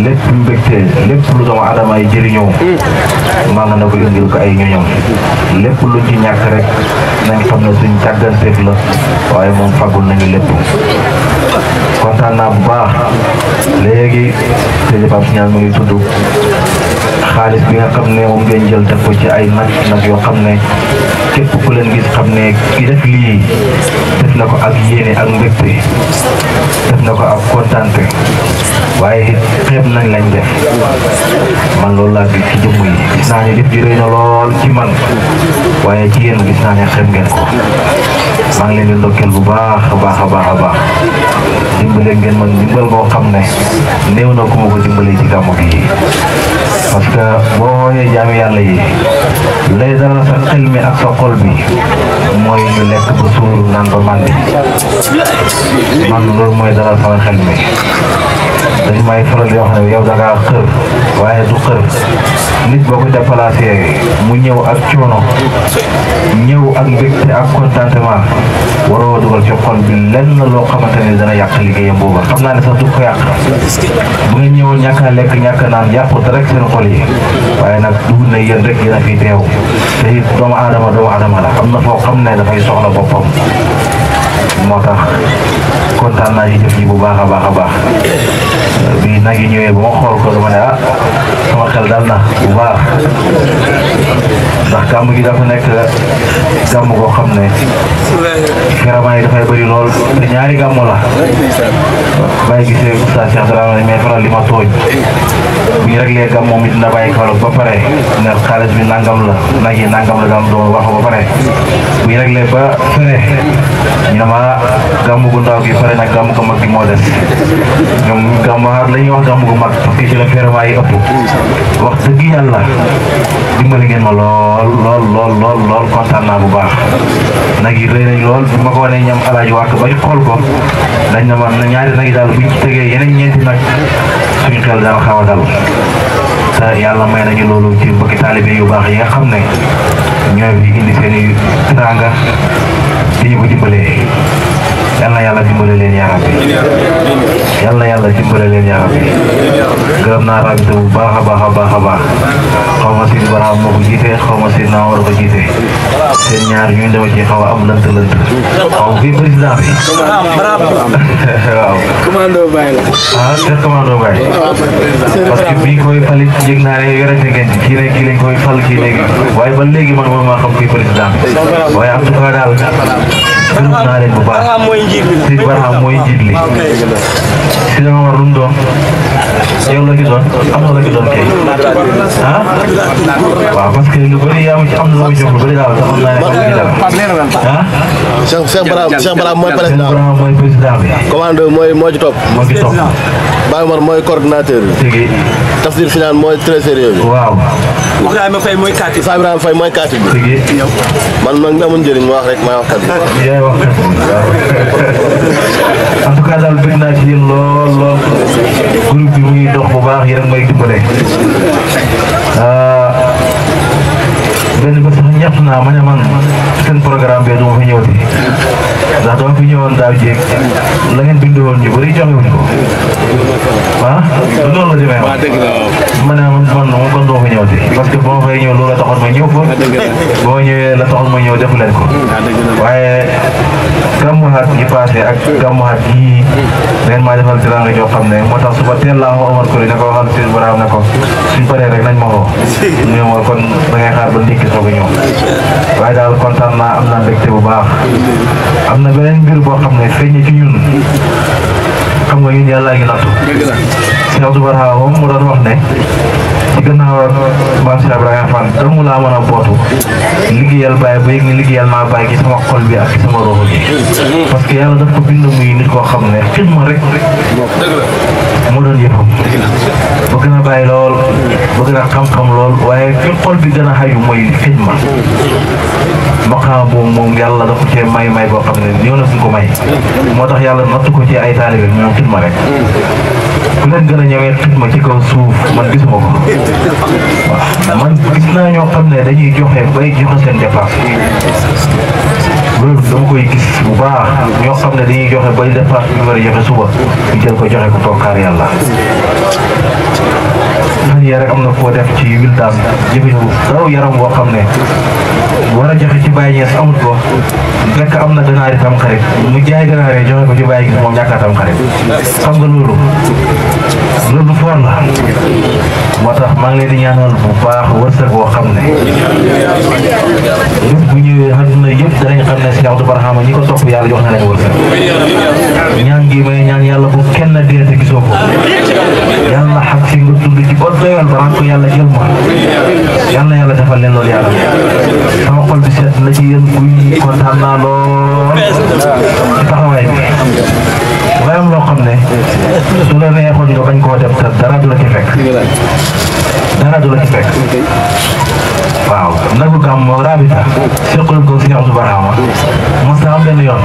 lépp mbégte lépp lu doomu aadama yi jëriñoo maa nga na ko indil ko ay ñoñam lu ci rek nañ la fagul nañu bu baax ñaan mu ngi xaalis bi nga xam ne moom ngeen jël def ko ci ay nag nag yoo xam ne képp ku leen gis xam ne ki def lii def na ko ak yéene ak mbégte def na ko ab kontaante waaye it xeeb nañ lañ def man loolu laa gis ci jëmm yi gis naa ne def ji rëy lool ci man waaye ci yéen gis naa ne xeeb ngeen ko ngi leen di ndokkeel bu baax a baax a baax a baax dimbale ngeen ma dimbal boo xam ne néew na ku ma ko dimbalee ci gàmmu gi parce que boo wooyee jaami yàlla yi lay dalal sa xel ak sa bi mooy ñu lekk ba suur naan ba màndi man loolu mooy dalal sama xel dañ may faral di waaye du xër nit boo ko déplacé mu ñëw ak coono ñëw ak mbégte ak contentement waroo dugal ci xol bi lenn loo xamante ne dana yàq liggéeyam booba xam naa ne sa du ko yàq bu ngeen ñëwoon ñàkk lekk ñàkk a naan yàqu dara ak seen yi waaye nag dugg na yéen rek yéen a fi teew te doomu aadama doomu aadama la am na foo xam ne dafay soxla boppam moo tax kontaan naa ci jëf ji bu baax a baax bi ko dama ah sama xel dal na bu baax ndax gàmm gi dafa nekk gàmm goo xam ne yi dafay bëri lool te ñaari gàmm la bàyyi gisee oustaz Cheikh Dramé mais faral li ma tooñ bu ñu réglee gàmm moom it na bàyyi Kaolack ba pare ne xaalis bi nangam la nag nangam la wax ba ba ndaw gi ren nag gàmmu ko mag bi moo des ñoom gàmmu la ñuy wax gàmmu ko mag parce que ci la feerawaay yi ëpp wax dëgg yàlla dimbali ngeen ma lool lool lool lool lool kontaan bu baax nag yi rëy nañ lool ma ko wanee ñoom alaaji wàkk ba ñu xool ko dañ na man ñaari nag daal buñ ci tegee yeneen ñeenti nag suñu xel daal xaw a dal te yàlla may nañu loolu ci mbokki taalibe yu baax yi nga xam ne ñooy ñu indi seen i teraanga di ñu ko dimbalee yal na yàlla dimbale leen yaa yàlla dimbale leen yaa rabbi gërëm naa rabita bu baax a baax a baax a baax xaw ma si baraam moo ko jiite xaw ma si naa war ko jiite seen ñaar ñuy dama ci xaw a am lënt lënt xaw fii président bi waaw commando Baye la ah c'est commando Baye ah, parce que bii koy falit yëg naa ne werante ngeen ci kii ne koy fal kii léegi waaye ba léegi man bëgguma xam kii président waaye en tout cas daal dund naa leen bu baax Sidi Barham mooy njiit li ah, si dama war lu mu doon yow la ci doon am na la ci doon kay ah waaw parce que lu bëri yaa ma ci am na la ci doon lu bëri daal te am naa leen ah. Cheikh Cheikh Barham Cheikh Barham mooy président mooy président bi. commandeur mooy moo ci topp. moo ci topp. Baye Omar mooy coordinateur bi. Tafsir Finane mooy trésorier bi. waaw. Ibrahima Faye mooy kaati. Ibrahima Faye mooy kaati bi. man man amuñu njëriñ ma wax rek ma wax kat (laughs) bi. lay wax en tout cas daal bëgg naa ci yéen lool lool groupe bi muy dox bu baax yéen may dimbale euh, benn bés ñett naa ma ne man seen programme bi duma fi ñëw di ndax dama fi ñëwoon daaw jéeg la ngeen bindoon ñu bëri joxe wuñ ko ah loolu la demee ma ne man man moom kon duma fi ñëw di parce que ba ma fay ñëw loolu la taxoon ma ñëw ko ba ma ñëwee la taxoon ma ñëw def leen ko waaye gàmmuwaat yi passé ak gàmmuwaat yi leen maa defal teraanga joo xam ne moo tax suba teel laa ko Omar Koli ne ko waxal seen baraam ne ko suñ paree rek nañ ma woo ñu (laughs) ne kon da ngay ba ndékki soog a waaye daal kontaan naa am na mbégte bu baax am na beneen mbir boo xam ne feeñ ci ñun xam nga ñun yàllaa ngi nattu Cheikh Oumar Awa moom mu doon wax ne ci gannaaw ak maam si Ibrahima Fall dong laa mën a bootu liggéeyal baay ba yëg ni liggéeyal maa baay gi sama xol bi ak sama roxo parce que yàlla daf ko bind muy nit koo xam ne xidma rek moo doon yëfam bëgg na bàyyi lool bëgg na xam-xam lool waaye fi xol bi gën a xaju mooy xidma maqaam boobu moom yàlla da ko may may boo xam ne ñëw moo tax yàlla nattu ko ci ay taalibe moom xidma rek ku leen gën a ñëwee xidma ci kaw suuf man gisuma ko waaw man gis naa ñoo xam ne dañuy joxe bay joxe seen dépense loolu dama koy gis bu baax ñoo xam ne dañuy joxe bay dépense bi ñu war a joxe suba ñu jël ko joxe ko toog kaar yàlla man rek am na foo def ci wildaam jëfin bu raw yaram boo xam ne war a joxe ci Baye Niass amut ko fekk am na ganaar itam xarit mu jaay ganaar joxe ko ci Baye Niass moom ñàkkaatam xarit xam nga loolu loolu foor la moo tax maa ngi leen di ñaanal bu baax wërsëg boo xam ne ñëpp bu ñëwee àdduna yëpp danañ xam ne si Abdou Barhama ñi ko topp yàlla jox na leen wërsëg ñaan gi may ñaan yàlla bu kenn dee te gisoo ko yàlla xam si nga dund nit ba doyoon ba ko yàlla jël ma yàlla yàlla defal leen loolu yàlla sama xol bi seet na ci yéen buy kontaan naa lool ci taxawaay bi waaye am loo xam ne su la neexoon nga bañ koo def te dara du la ci fekk dara du la ci fekk waaw nagu gàmm rabita seqal ko si ñax su baraama mos na am benn yoon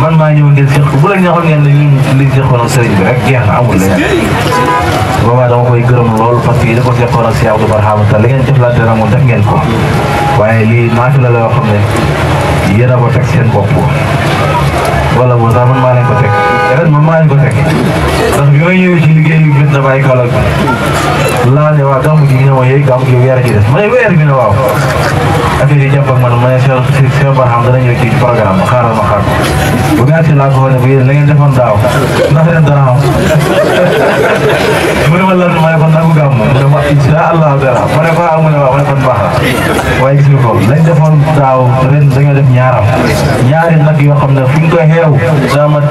man maa ñëw ngeen seq bu la neexoon ngeen ne ñun liñ seqoon sëriñ bi rek jeex na amul leneen boobaa dama koy gërëm lool parce que da ko seqoon ak si ñax su baraama te li ngeen jëflante na moom def ngeen ko waaye lii naatu la la yoo xam ne yéen a ko teg seen seen bopp wala boo sax man maa leen ko teg ren man maa leen ko fekk ndax bi ma ñëwee ci liggéeyu gis na bàyyi Kaolack laa ne waa gàmmu gi ñu ne ma yeeg gàmmu gi weer ci des ma ne weer bi ne waaw affaire yi jàpp ak man ma ne seen seen barxam dana ñëw ci programme xaaral ma xaar bu nga si laa ko wane bu yéen la ngeen defoon daaw ndax ren dana am mu ne ma lan ma ne ko nagu gàmmu mu ne ma incha allah dara ma ne ko ah mu ne waaw ma ne kon baax na waaye gis nga ko lañ defoon daaw ren dañoo def ñaaram ñaari nag yoo xam ne fu ñu ko xeew daa mat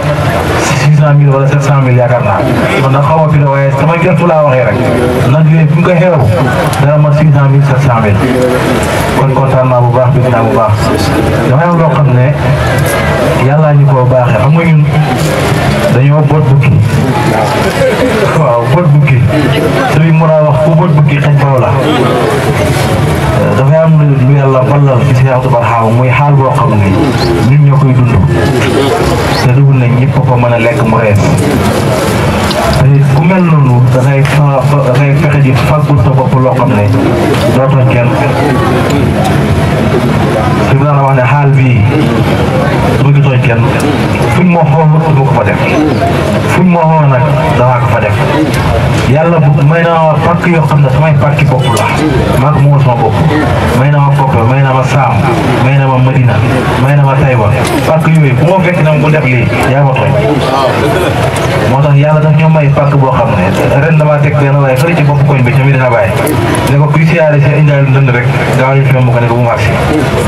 six cent wala sept cent mille yaakaar naa kon nag xaw ma fi la waaye sama gerte laa waxee rek lan bu kon kontaan naa baax bi dinaa bu baax damay am loo xam ne yàllaa ñu koo baaxee xam nga ñun dañoo bot bukki waaw bukki sëriñ Mura wax ku bot bukki xaj baw la dafay am lu yàlla ballal ci Seex Tuubaa xaaw muy xaal boo xam ne ñun ñoo koy dund te dugul nañ ñëpp ko mën a lekk mu rees te ku mel noonu dangay fa dangay fexe ji fàggul sa bopp loo xam ne dootoo kenn fi mu wax ne xaal bii bëgg tooñ kenn ma xool du ko fa def fuñ ma xool nag danaa ko fa def yàlla bu may naa ma pàkk yoo xam ne samay pàkki la maa ko moom na ma Koppe may na ma Saam may na ma Madina may ma Taïba ma fekk ma tooñ moo tax yàlla daf ñoo may pàkk boo xam ne ren damaa teg benn waaye fële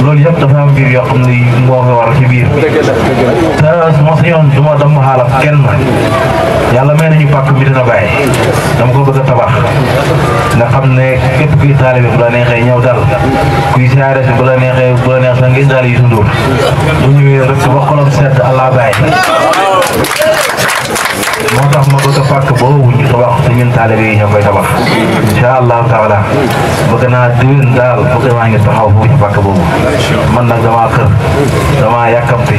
loolu yëpp dafa am mbir yoo xam moo ko ci biir te mos yoon du ma dem ma xaalaf kenn yàlla may nañu pàkk bi dina bàyyi dama ko bëgg a tabax nga xam ne képp kuy taalibe bu la neexee ñëw dal kuy siyaare si bu la neexee bu la neex sa ngis daal yi sunduur bu ñëwee rek ba xolam sedd allah bàyyi moo tax ma bëgg a pàkk boobu ñu tabax te ñun taalibe yi ñoo koy tabax incha allahu taala bëgg naa diwén daal bëgg naa ngi taxaw foofu ñu pàkk boobu man nag damaa xër damaa yàkkamti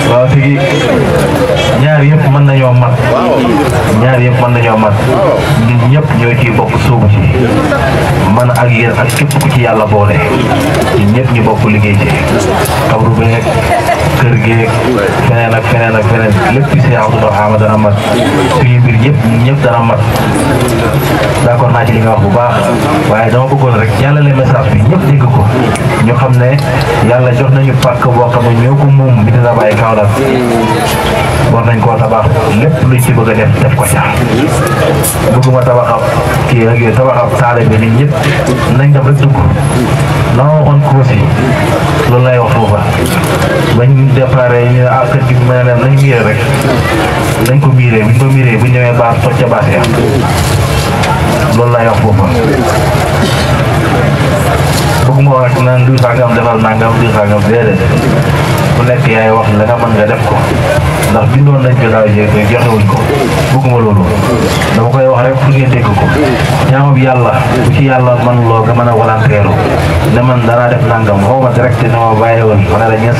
waaw fii ñaar yëpp mën nañoo mat ñaar yëpp mën nañoo mat nit ñëpp ñoo ciy bokk sóobu ci man ak yéen ak képp ku ci yàlla boole ñun ñëpp ñu bokk liggéey ci xabru beeg kër geeg feneen ak feneen ak feneen lépp si Abdoulaye Ama dana mat suñu mbir ñëpp ñun ñëpp dana mat d'accord naa ci li nga wax bu baax waaye dama bëggoon rek jàllale message bi ñëpp dégg ko ñu xam ne yàlla jox nañu pàkk boo xam ñoo ko moom bi dina bàyyi kaw waral war nañ koo tabax lépp luñ ci bëgg a def def ko ca bëgguma tabax ab kii ak yooyu tabax ab taale bi nit ñëpp nañ dem rek dugg la ma waxoon ko si loolu lay wax foofa bañ déparé ñu ah kër gi ma ne nañ miiré rek nañ ko miiré buñ ko miiré bu ñëwee baas toj ca baas ya loolu lay wax foofa bëgguma wax naan duy sàngam defal nangam duy sàngam ku nekk yaay wax la nga mën nga def ko ndax bindoon nañ ko daaw yéeg joxewuñ ko ma loolu dama koy wax rek fu ngeen dégg ko ñaamab yàlla bu ci yàlla man loo nga mën a walanteeru ne man danaa def nangam xaw ma direct ne bàyyi woon ma ne la ñes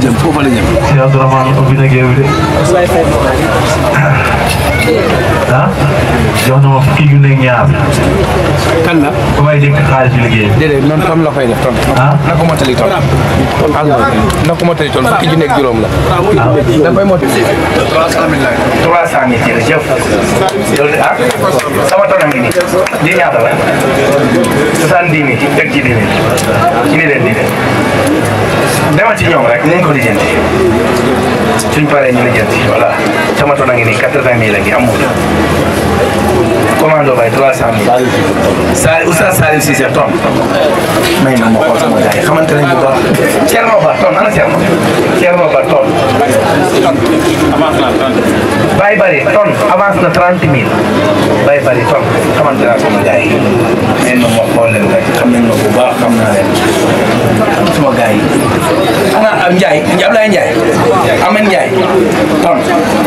lañ jëm foofa lañ jëm. si Abdourahmane ubbi na géew bi de. ah jox na ma fukki junne ak ñaar. kan la. ku may dénk xaalis bi liggéey. déedéet noonu tom la koy def tom. ah na ko motali tom. na fukki junne ak juróom la. ah da koy motali. 300 mille jërëjëf. loolu ah sama tonam gi ñaata la. 70 mille teg ci 10 mille ci ni leen di demal ci ñoom rek nañ ko lijjanti suñ paree ñu lijjanti voilà tamato na ngi nii quatre-vingt mille la ngi amul commando bay trois cent mille Sali Oustaz Salif ton may na ma xool sama gars yi xamante ton ana Thierno Thierno Ba ton bay bari ton avance na trente mille bay bari ton xamante naa sama gars yi may na ma xool leen rek xam Thank you.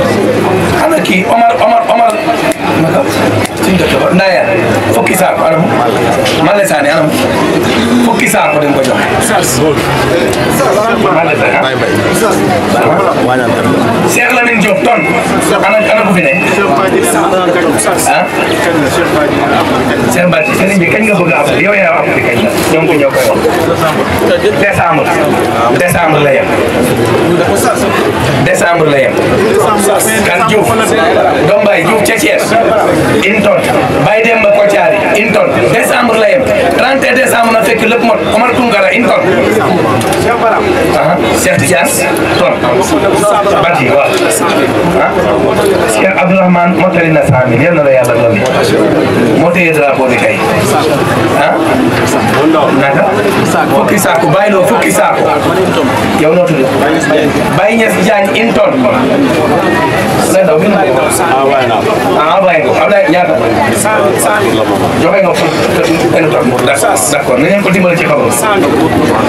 Cheikh Lamine Diop ton ana ana ku fi ne ah Cheikh Badji sëriñ bi kañ nga bëgg a am yow yaa am kañ la ñoom ñoo koy wax décembre décembre la yem décembre la yem kan Diouf doom Baye Diouf ca Thiès une tonne une tonne décembre la yem 31 décembre na fekk lépp mot Omar Tounkara une tonne. ah Cheikh Tidiane tonne. Bati waaw ah Cheikh Abdourahmane motali na 100000 yal na la yàlla dolli moo téye drapeau bi kay ah naka fukki saako bàyyiloo saako yow noo tudd Baye Niass Diagne une tonne ah waaye naa ah, ko Ablaye dañoo xam dañoo xam. d'accord na ngeen ko dimbale ci xabru.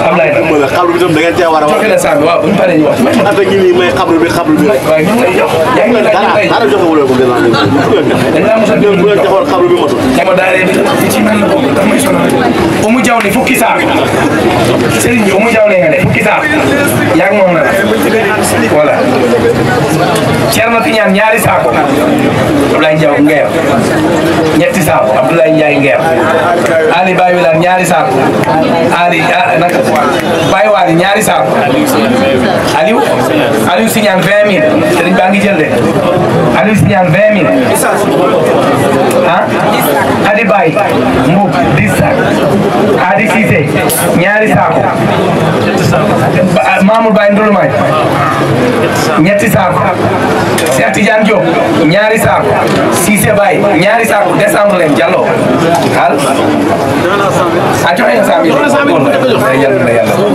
Ablaye nag dimbale xabru bi tam da ngeen cee war a wax. joxe la sànq waaw bu ñu paree ñu wax. man at a ngi nii may xabru bi xabru bi rek. waaye ñu ngi lay jox. yaa ngi lay jox dara dara joxe wu leen ko gën a am. dañu laa mos a déglu bu leen joxoon xabru bi mosul. ma daaree bi ci ci mel ko da may sonal. Oumou Diaw ne fukki saa. Serigne bi Oumou Diaw ne nga ne fukki saa. yaa ngi moom na voilà. Thierno Tignane ñaari saako. Ablaye Diaw nga yor ñetti saako Abdoulaye Ndiaye Linguère Ali Baye Wilane ñaari saako Ali ah, naka Baye Waly ñaari saako Aliou Aliou Signane vingt mille sëriñ baa ngi jël de Aliou Signane vingt mille ah Adi Baye Mbow dix saak ñaari saako Mamour Baye Ndolomay ñetti saako Cheikh Tidiane Diop ñaari saako Cissé Baye ñaari saako décembre leen jàlloo al a ah, joxe nga cent mille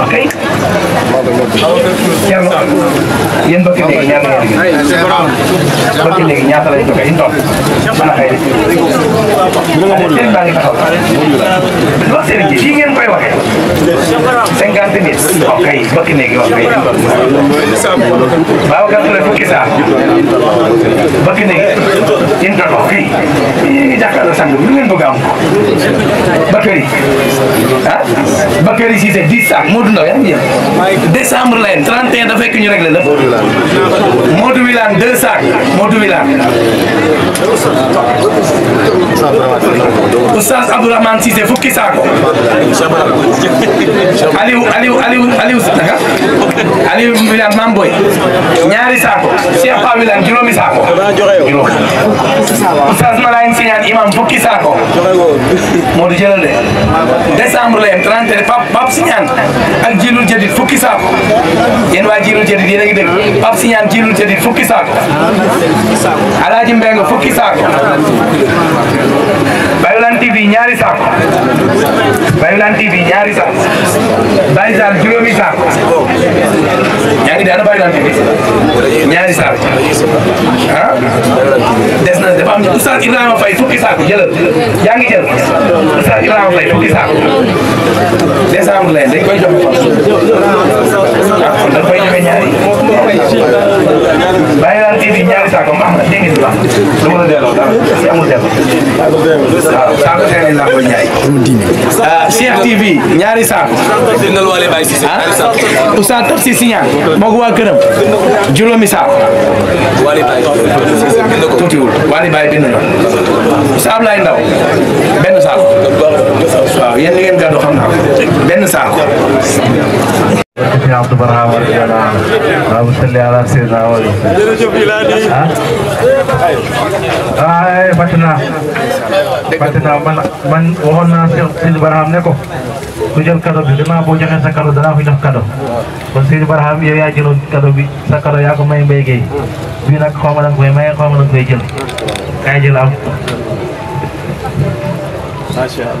okay? yéen mbokki léegi ñaata la yéen mbokki léegi ñaata la joxe in toog mën a xëy sëriñ baa ngi taxaw wax sëriñ ji fii ngeen koy waxee cinquante nit ok mbokki léegi wax kay baaw gàtt la fukki saa mbokki léegi in toog wax fii yéen ngi jàkkaarloo sang lu ngeen bëgg am ko bakkari ah bakkari si c'est dix sacs Modou Ndaw yaa iya. ngi décembre leen 31 da fekk ñu réglé lépp. Modou Wilane deux Abdul Rahman Wilane. Oustaz Abdourahmane Cissé fukki saako. Aliou Aliou Aliou Aliou Sitaka Aliou Wilane Mam Boy ñaari saako Cheikh Pa Wilane juróomi saako. imam fukki saako. Mau jëlal de décembre leen 31 Pape Pape Signane. ak jiilul jadid fukki saako yéen waa jiilul jadid yéen a ngi dégg Pape Signane jiilul jadid fukki saako Alaaji Mbeng fukki saako Bayolanti TV ñaari saako Bayoulane TV ñaari saako Baye Sall juróomi saako yaa ngi daana Bayoulane TV ñaari saako ah des na dafa am Oustaz Ibrahima Faye fukki saako jëlal yaa ngi jël Oustaz Ibrahima Faye fukki saako des na amul lenn dañ koy jox ah kon dañ koy joxe ñaari Bayoulane TV ñaari saako mbaax na lu ma la delloo dara amul delloo. waaw saako teel a nangoo Ndiaye. Cheikh TV ñaari saako. ah Oustaz Tafsir moog waa këram juróomi saako. tuutiwul Waly Baye bind na Oustaz Ndaw benn saako. waaw yéen li xam naa benn saako. sëñ Abdou Barhama radiyallahu anhu Allahumma salli ala sayyidina Muhammad jërëjëf Ilaani ah fàtte naa fàtte naa man man waxoon naa sëñ Barham ne ko ku jël cadeau bi dama boo joxee sa cadeau danaa ko jox cadeau kon sëñ Barham yow yaa jëloon bi sa cadeau yaa ko may mbéy géey bii nag xaw ma danga koy maye xaw am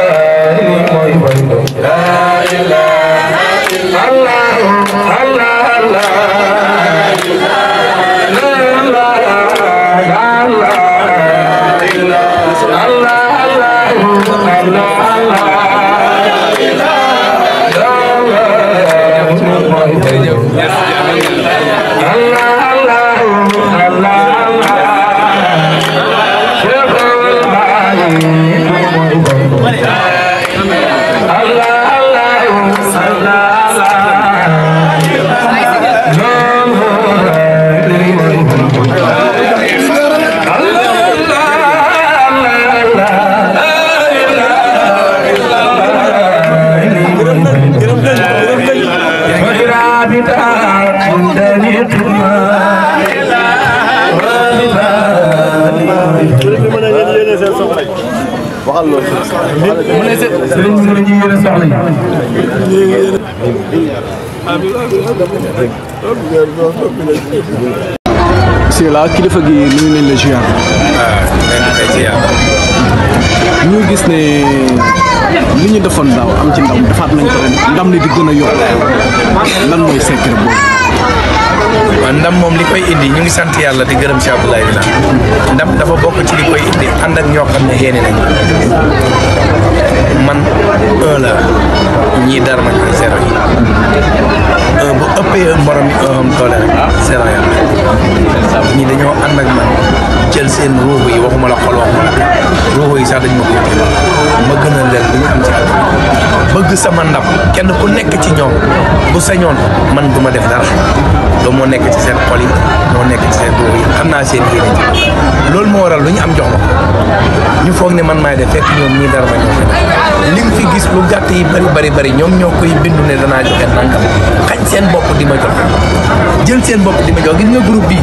Yes, yes. waxal loolu. mu kilifa gi nuyu nañ la ziar. ñu gis ne li ñu defoon daaw am ci ndam defaat nañ ko ren ndam di gën a yokk lan mooy secret waaw ndam moom li koy indi ñu ngi sant yàlla di gërëm Cheikh Abdoulaye Wilane ndam dafa bokk ci li koy indi ànd ak ñoo xam ne yéene nañ man un la ñii dara nañ koy zéro yi bu ëppee morom doole rek seen yàlla ñi ak man jël seen ruuxu yi waxuma la xol waxuma la ruuxu yi sax dañ ma ko yëkkati ma gën leen ñu am ci bëgg sama ndam kenn ku nekk ci ñoom bu sañoon man duma def dara nekk ci seen xol yi nekk ci seen yi xam naa seen yéene ci waral lu ñu am jox ma ñu foog ne man maay def fekk ñoom ñii dara ma ñoo fi gis lu gàtt yi bari bari bari ñoom ñoo koy bindu ne danaa joxe nangam seen bopp di ma jox jël seen bopp di ma jox gis nga groupe bii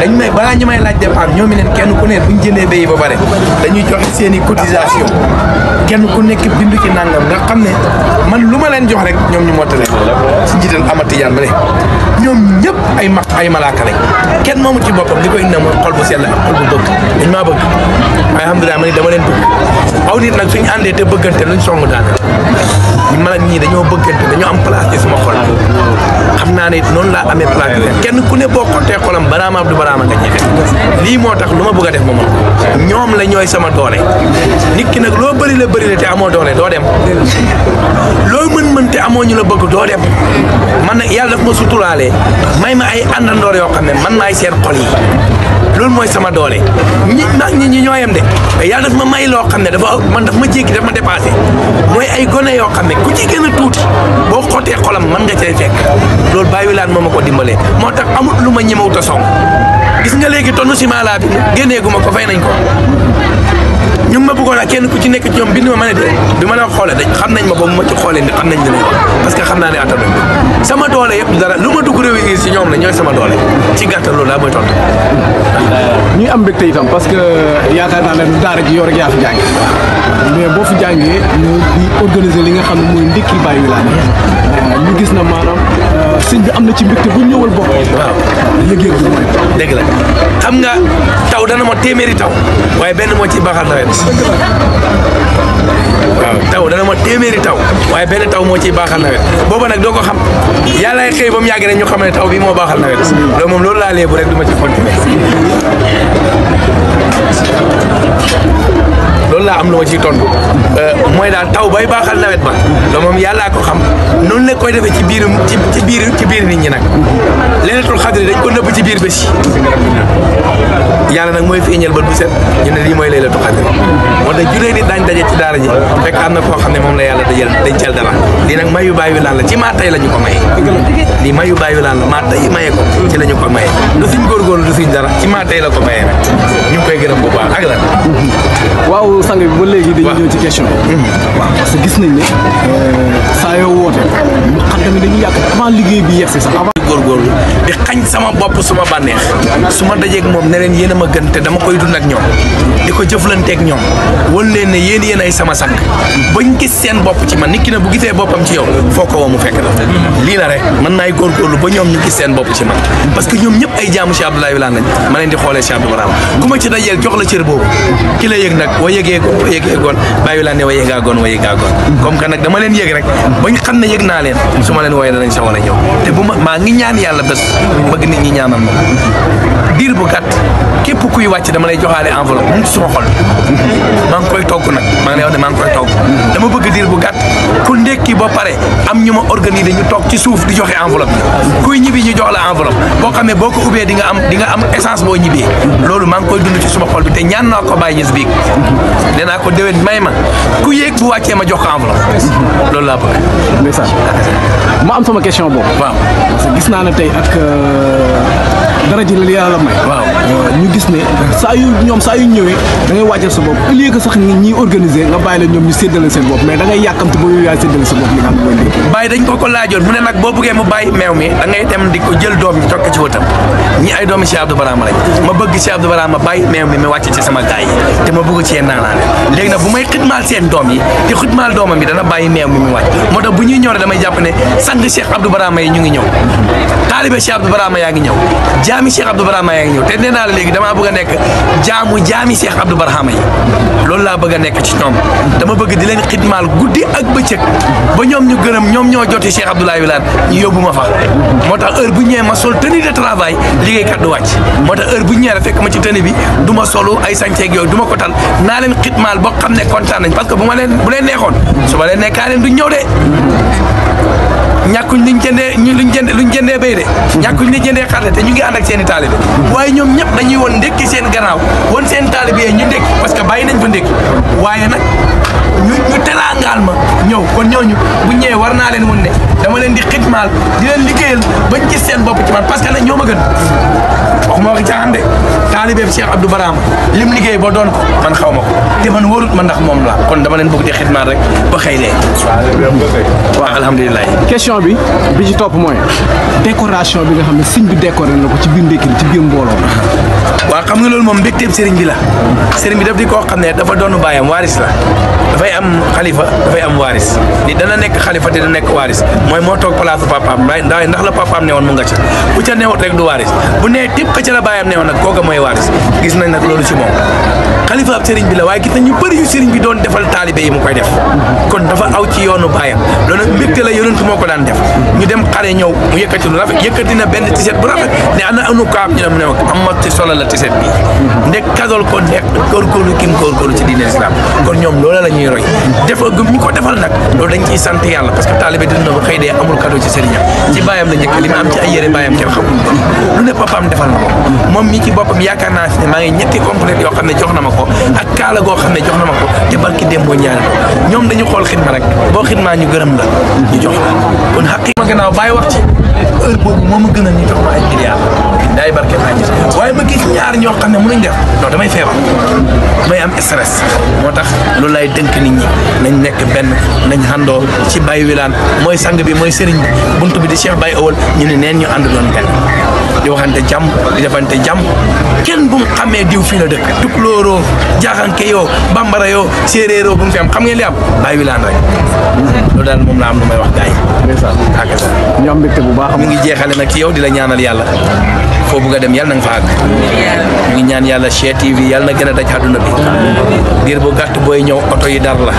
dañ may balaa ñu may laaj départ ñoom ñu leen kenn ku ne bu ñu jëndee béy ba pare dañuy joxe seen i cotisation kenn ku nekk bindu ci nangam nga xam ne man lu ma leen jox rek ñoom ñu mottale si njiital amati yàlla ne ñoom ñëpp ay ma ay malaaka lañ kenn moomu ci boppam di ko indi mooy xol bu sell ak xol bu bëgg dañ maa bëgg alhamdulilah ma ne dama leen bëgg aw nit nag suñu àndee te bëggante luñ song daana man ak ñii dañoo bëggante dañoo am place ci sama xol xam naa ne noonu laa amee place kenn ku ne boo xottee xolam baraama du baraama nga jeexe lii moo tax lu ma bëgg a def moom ñoom la ñooy sama doole nit ki nag loo bëri la bari la te amoo doole doo dem lu mën-mën te amoo ñu la bëgg doo dem man na yàlla daf ma suturaalee may ma ay àndandoor yoo xam ne man maay seen xol yi loolu mooy sama doole ñi mag ñi ñi ñooyam de yàlla daf ma may loo xam ne dafa man daf ma jékki daf ma dépassé mooy ay gone yoo xam ne ku ci gën tuuti boo xottee xolam man nga cay fekk loolu bàyyi laan moo ma ko dimbalee moo tax amut lu ma ñemewut a gis nga léegi tonn si laa bi génnee gu ko fay nañ ko ñu ma bëggoon ak kenn ku ci nekk ci ñoom bind ma ma ne de bi ma la xoolee dañ xam nañ ma ba mu ma ci xoolee ni xam nañ ne parce que xam ne attan sama doole yëpp dara lu dugg réew si ñoom la ñooy sama doole ci gàttal loolu laa mooy tontu. ñuy am mbégte itam parce que yaakaar naa leen daara ji yor rek yaa fi jàng mais boo fi jàngee ñu di li nga xam ne mooy ndékki bàyyi laa euh, ñu gis na maanaam. waaw bi am na ci mbégte bu ñëwal bopp waaw yëg-yëg bu mooy dëgg la xam nga taw dana ma téeméeri taw waaye benn moo ci baaxal nawet waaw taw dana ma téeméeri taw waaye benn taw moo ciy baaxal nawet booba nag doo ko xam yàlla xëy ba mu yàgg rek ñu xam ne taw bi moo baaxal nawet loolu moom loolu laa léebu rek du ma ci continuer loolu laa am lu ma ciy tontu euh, mooy daal taw bay baaxal nawet ba loolu moom yàllaa ko xam noonu la koy defee ci biirum ci biir ci biir nit ñi nag leylatul xadri dañ ko nëbb ci biir bés yi yàlla nag mooy feeñal bët bu set ñu ne lii mooy leylatul xadri moo tax juree nit daañ daje ci daara ji fekk am na koo xam ne moom la yàlla dajal dencal dara lii nag mayu bàyyi laan la ci maa tey lañu ñu ko maye lii mayu bàyyi laan la maa tey maye ko ci la ñu ko maye du suñ góorgóorlu du suñ dara ci maa tey la ko waaw sang bi ba di dañuy ñëw ci question mm-hmm. waaw parce que gis nañ ne euh, saa yoo woote xam tamit dañuy yàq avant bi yegsi sax góorgóorlu di xañ sama bopp suma bànneex su ma dajeeg moom ne leen yéen a ma gën te dama koy dund ak ñoom di ko jëflanteeg ñoom wan leen ne yéen yéen ay sama sang bañ gis seen bopp ci man nit ki na bu gisee boppam ci yow foo ko woo mu fekk la lii la rek mën naay góorgóorlu ba ñoom ñu gis seen bopp ci man parce que ñoom ñëpp ay jaamu Cheikh Abdoulaye Wilane lañ ma leen di xoolee Cheikh Abdou Barama ku ma ci dajeel jox la cër boobu ki la yëg nag wa yëgee wa yëgee goon Baye Wilane ne wa yëgaa goon wa yëgaa goon comme que nag dama leen yëg rek bañ xam ne yëg leen su leen wooyee danañ sa war a te bu ma ngi ñaan yalla bes bëgg nit ñi ñaanal ma diir bu gàtt képp kuy wacc dama lay joxale enveloppe mu suma xol ma ngi koy togg nak ma ngi yow wax ne maa ngi koy togg dama bëgg dir bu gàtt ku ndekki ba paré am ñuma organiser ñu togg ci suuf di joxe enveloppe kuy ñibi ñu jox la enveloppe bo xamé boko ubé di nga am di nga am essence bo ñibi lolu ma ngi koy dund ci suma xol bi té ñaan nako ko bàyyi ñes dina ko déwén may ma ku yéeg bu wàccee ma jox enveloppe loolu laa bëgg ma am sama question bo waaw gis naa ne tey ak euh, dara ji la yàlla may. waaw Euh, ñu gis ne saa yu ñoom saa yu ñëwee da ngay wàccal sa bopp au lieu que sax ñi organiser nga bàyyi la ñoom ñu séddale seen bopp mais da ngay yàkkamte ba yow yaay séddale sa bopp li nga xam mooy lii bàyyi dañ ko ko laajoon mu ne nag boo buggee mu bàyyi meew mi da ngay dem di ko jël doom yi tokk ci wëtam ñi ay doomi Cheikh ma bëgg Cheikh Abdou Barama yi te ma bu doom yi te xitmaal doomam bi dana bàyyi meew mi mi wàcc moo ñuy ñëw damay jàpp ne sang Cheikh Abdou Barama yi ñu ngi ñëw taalibe Cheikh Abdou Barama yaa ngi ñëw jaami Cheikh Abdou Barama yaa ngi ñëw naa la léegi damaa bëgg a nekk jaamu jaami Cheikh Abdou Barhama yi loolu laa bëgg nekk ci ñoom dama bëgg di leen xidmaal guddi ak bëccëg ba ñoom ñu gërëm ñoom ñoo joti Cheikh Abdoulaye Wilane ñu yóbbu ma fa moo tax heure bu ñëwee ma sol tenue de travail liggéeykat du wàcc moo tax heure bu ñëwee fekk ma ci tenue bi du ma solu ay sanceeg yooyu du ko tal naa leen xidmaal boo xam ne kontaan nañ parce que bu ma leen bu leen neexoon su ma leen nekkaa leen du ñëw de ñàkkuñ luñ jëndee ñu luñ jënd luñ jëndee béy de ñàkkuñ luñ jëndee xar de te ñu ngi ànd ak seen i taalibe waaye ñoom ñëpp dañuy woon ndékki seen gannaaw woon seen taalibe yee ñu ndékki parce que bàyyi nañ fa ndékki waaye nag ñu ñu telaangaal ma ñëw kon ñooñu bu ñëwee war naa leen woon de dama leen di xitmaal di leen liggéeyal bañ gis seen bopp ci man parce que nag ñoo ma gën waxuma waxi caaxaan de taalibe cheikh abdou barama lim liggéey bo don ko man xawmako té man worut man ndax mom la kon dama len bëgg di xidmaat rek ba xëy lee waaw alhamdulilah question bi bi ci top moy décoration bi nga xamné ne bi décoré na ko ci bindé ki ci biir mbolo wa xam nga lool mom mbégteeb sëriñ bi la sëriñ bi daf di ko xamné dafa doon bayam waris la fay am da fay am waris ni dana nek khalifa te dana nek waris moy mo tok place papaam ndax la am newon mu nga ci bu ca newut rek du waris bu ne ka ca la bàyyam neew nag kooka mooy waaris gis nañ nag loolu ci moom xalifa ab sëriñ bi la waaye gis nañ ñu yu sëriñ bi doon defal taalibe yi mu koy def kon dafa aw ci yoonu bàyyam loolu ko daan def ñu dem xare ñëw mu yëkkati benn tiset bu rafet ne ko ndek góorgóorlu kim góorgóorlu la ñuy roy def gëm ñu ko defal nag loolu dañ ciy sant yàlla parce que taalibe dina ba xëy dee amul cadeau ci sëriñam ci bàyyam la njëkk li am ci ay yére bàyyam kenn xamul lu ne papaam defal mom mi ci bopam yaakaar naa si ne ñetti complète yo xamne jox na ma ak kala go xamne jox na ma te barki dembo ñaan ñom dañu xol xidma rek bo xidmaa ñu gëreem la ñu jox la kon haqi ma gënaaw bay wax ci heure bobu moma gëna ñu jox ma ay milliards day barke ma gis way ma gis ñaar ño xamne mënuñ def do damay feebar may am stress motax lu lay dënk nit ñi nañ nekk ben nañ hando ci bay wilaan moy sang bi moy serigne buntu bi di cheikh bay awol ñu ne neen ñu doon di waxante jam di defante jam kenn bu mu xamee diw fii la dëkk tukulóoroo jaaxanke yoo bambara yoo séeréeroo bu mu fi am xam ngeen li am bàyyi wilaan rek loolu daal moom la am lu may wax gars yi ñu am mbégte bu baax mu ngi jeexale nag ci yow di la ñaanal yàlla foo bëgg a dem yàlla na nga fa àgg ñu ngi ñaan yàlla Che TV yàlla na gën a daj àdduna bi diir bu gàtt booy ñëw oto yi dar la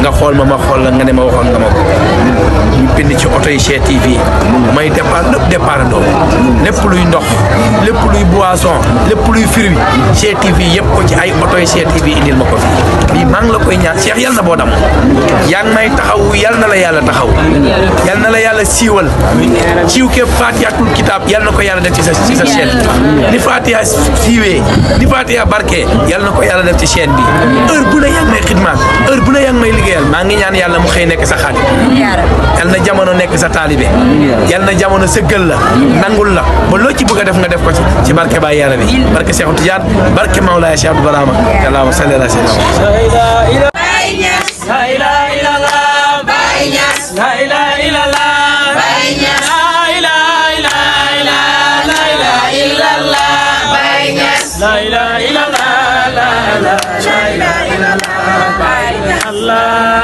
nga xool ma ma xool la nga ne ma waxoon nga ma ko ñu bind ci oto yi Cheikh TV may départ lépp départ doom lépp luy ndox lépp luy boisson lépp luy fruit Cheikh TV yëpp ko ci ay oto yi Cheikh TV indil ma ko fi bii maa la koy ñaan Cheikh yal na boo dam yaa may taxaw yal na la yàlla taxaw yal na la yàlla siiwal siiw ke faatihatul kitaab yal na ko yàlla def ci sa ci sa chaîne ni faatiha siiwee ni faatiha barke yal na ko yàlla def ci chaîne bi heure bu ne yaa may xidmaat heure bu ne yaa may liggéeyal maa ngi ñaan yàlla mu xëy nekk sa xaat yal na jamono nekk sa taalibe yal na jamono sëggal la nangul la ba loo ci bëgg def nga def ko ci ci barke Baay Yàlla bi barke Seexu Tijaan barke Mawlaaya Cheikh Abdou Barama allahumma salli ala sayyidina La ilaha illallah Baay Ñas La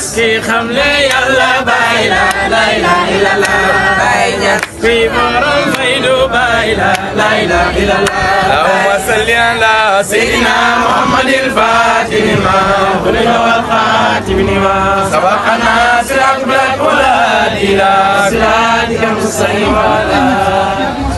Yes, خملي khamle yalla bay la la la في la bay yes, fi maram faidu bay la اللهم صل على سيدنا محمد الفاتح لما الخاتم والخاتم صباح الناس صراط بالهدى إلى صراطك المستقيم وعلى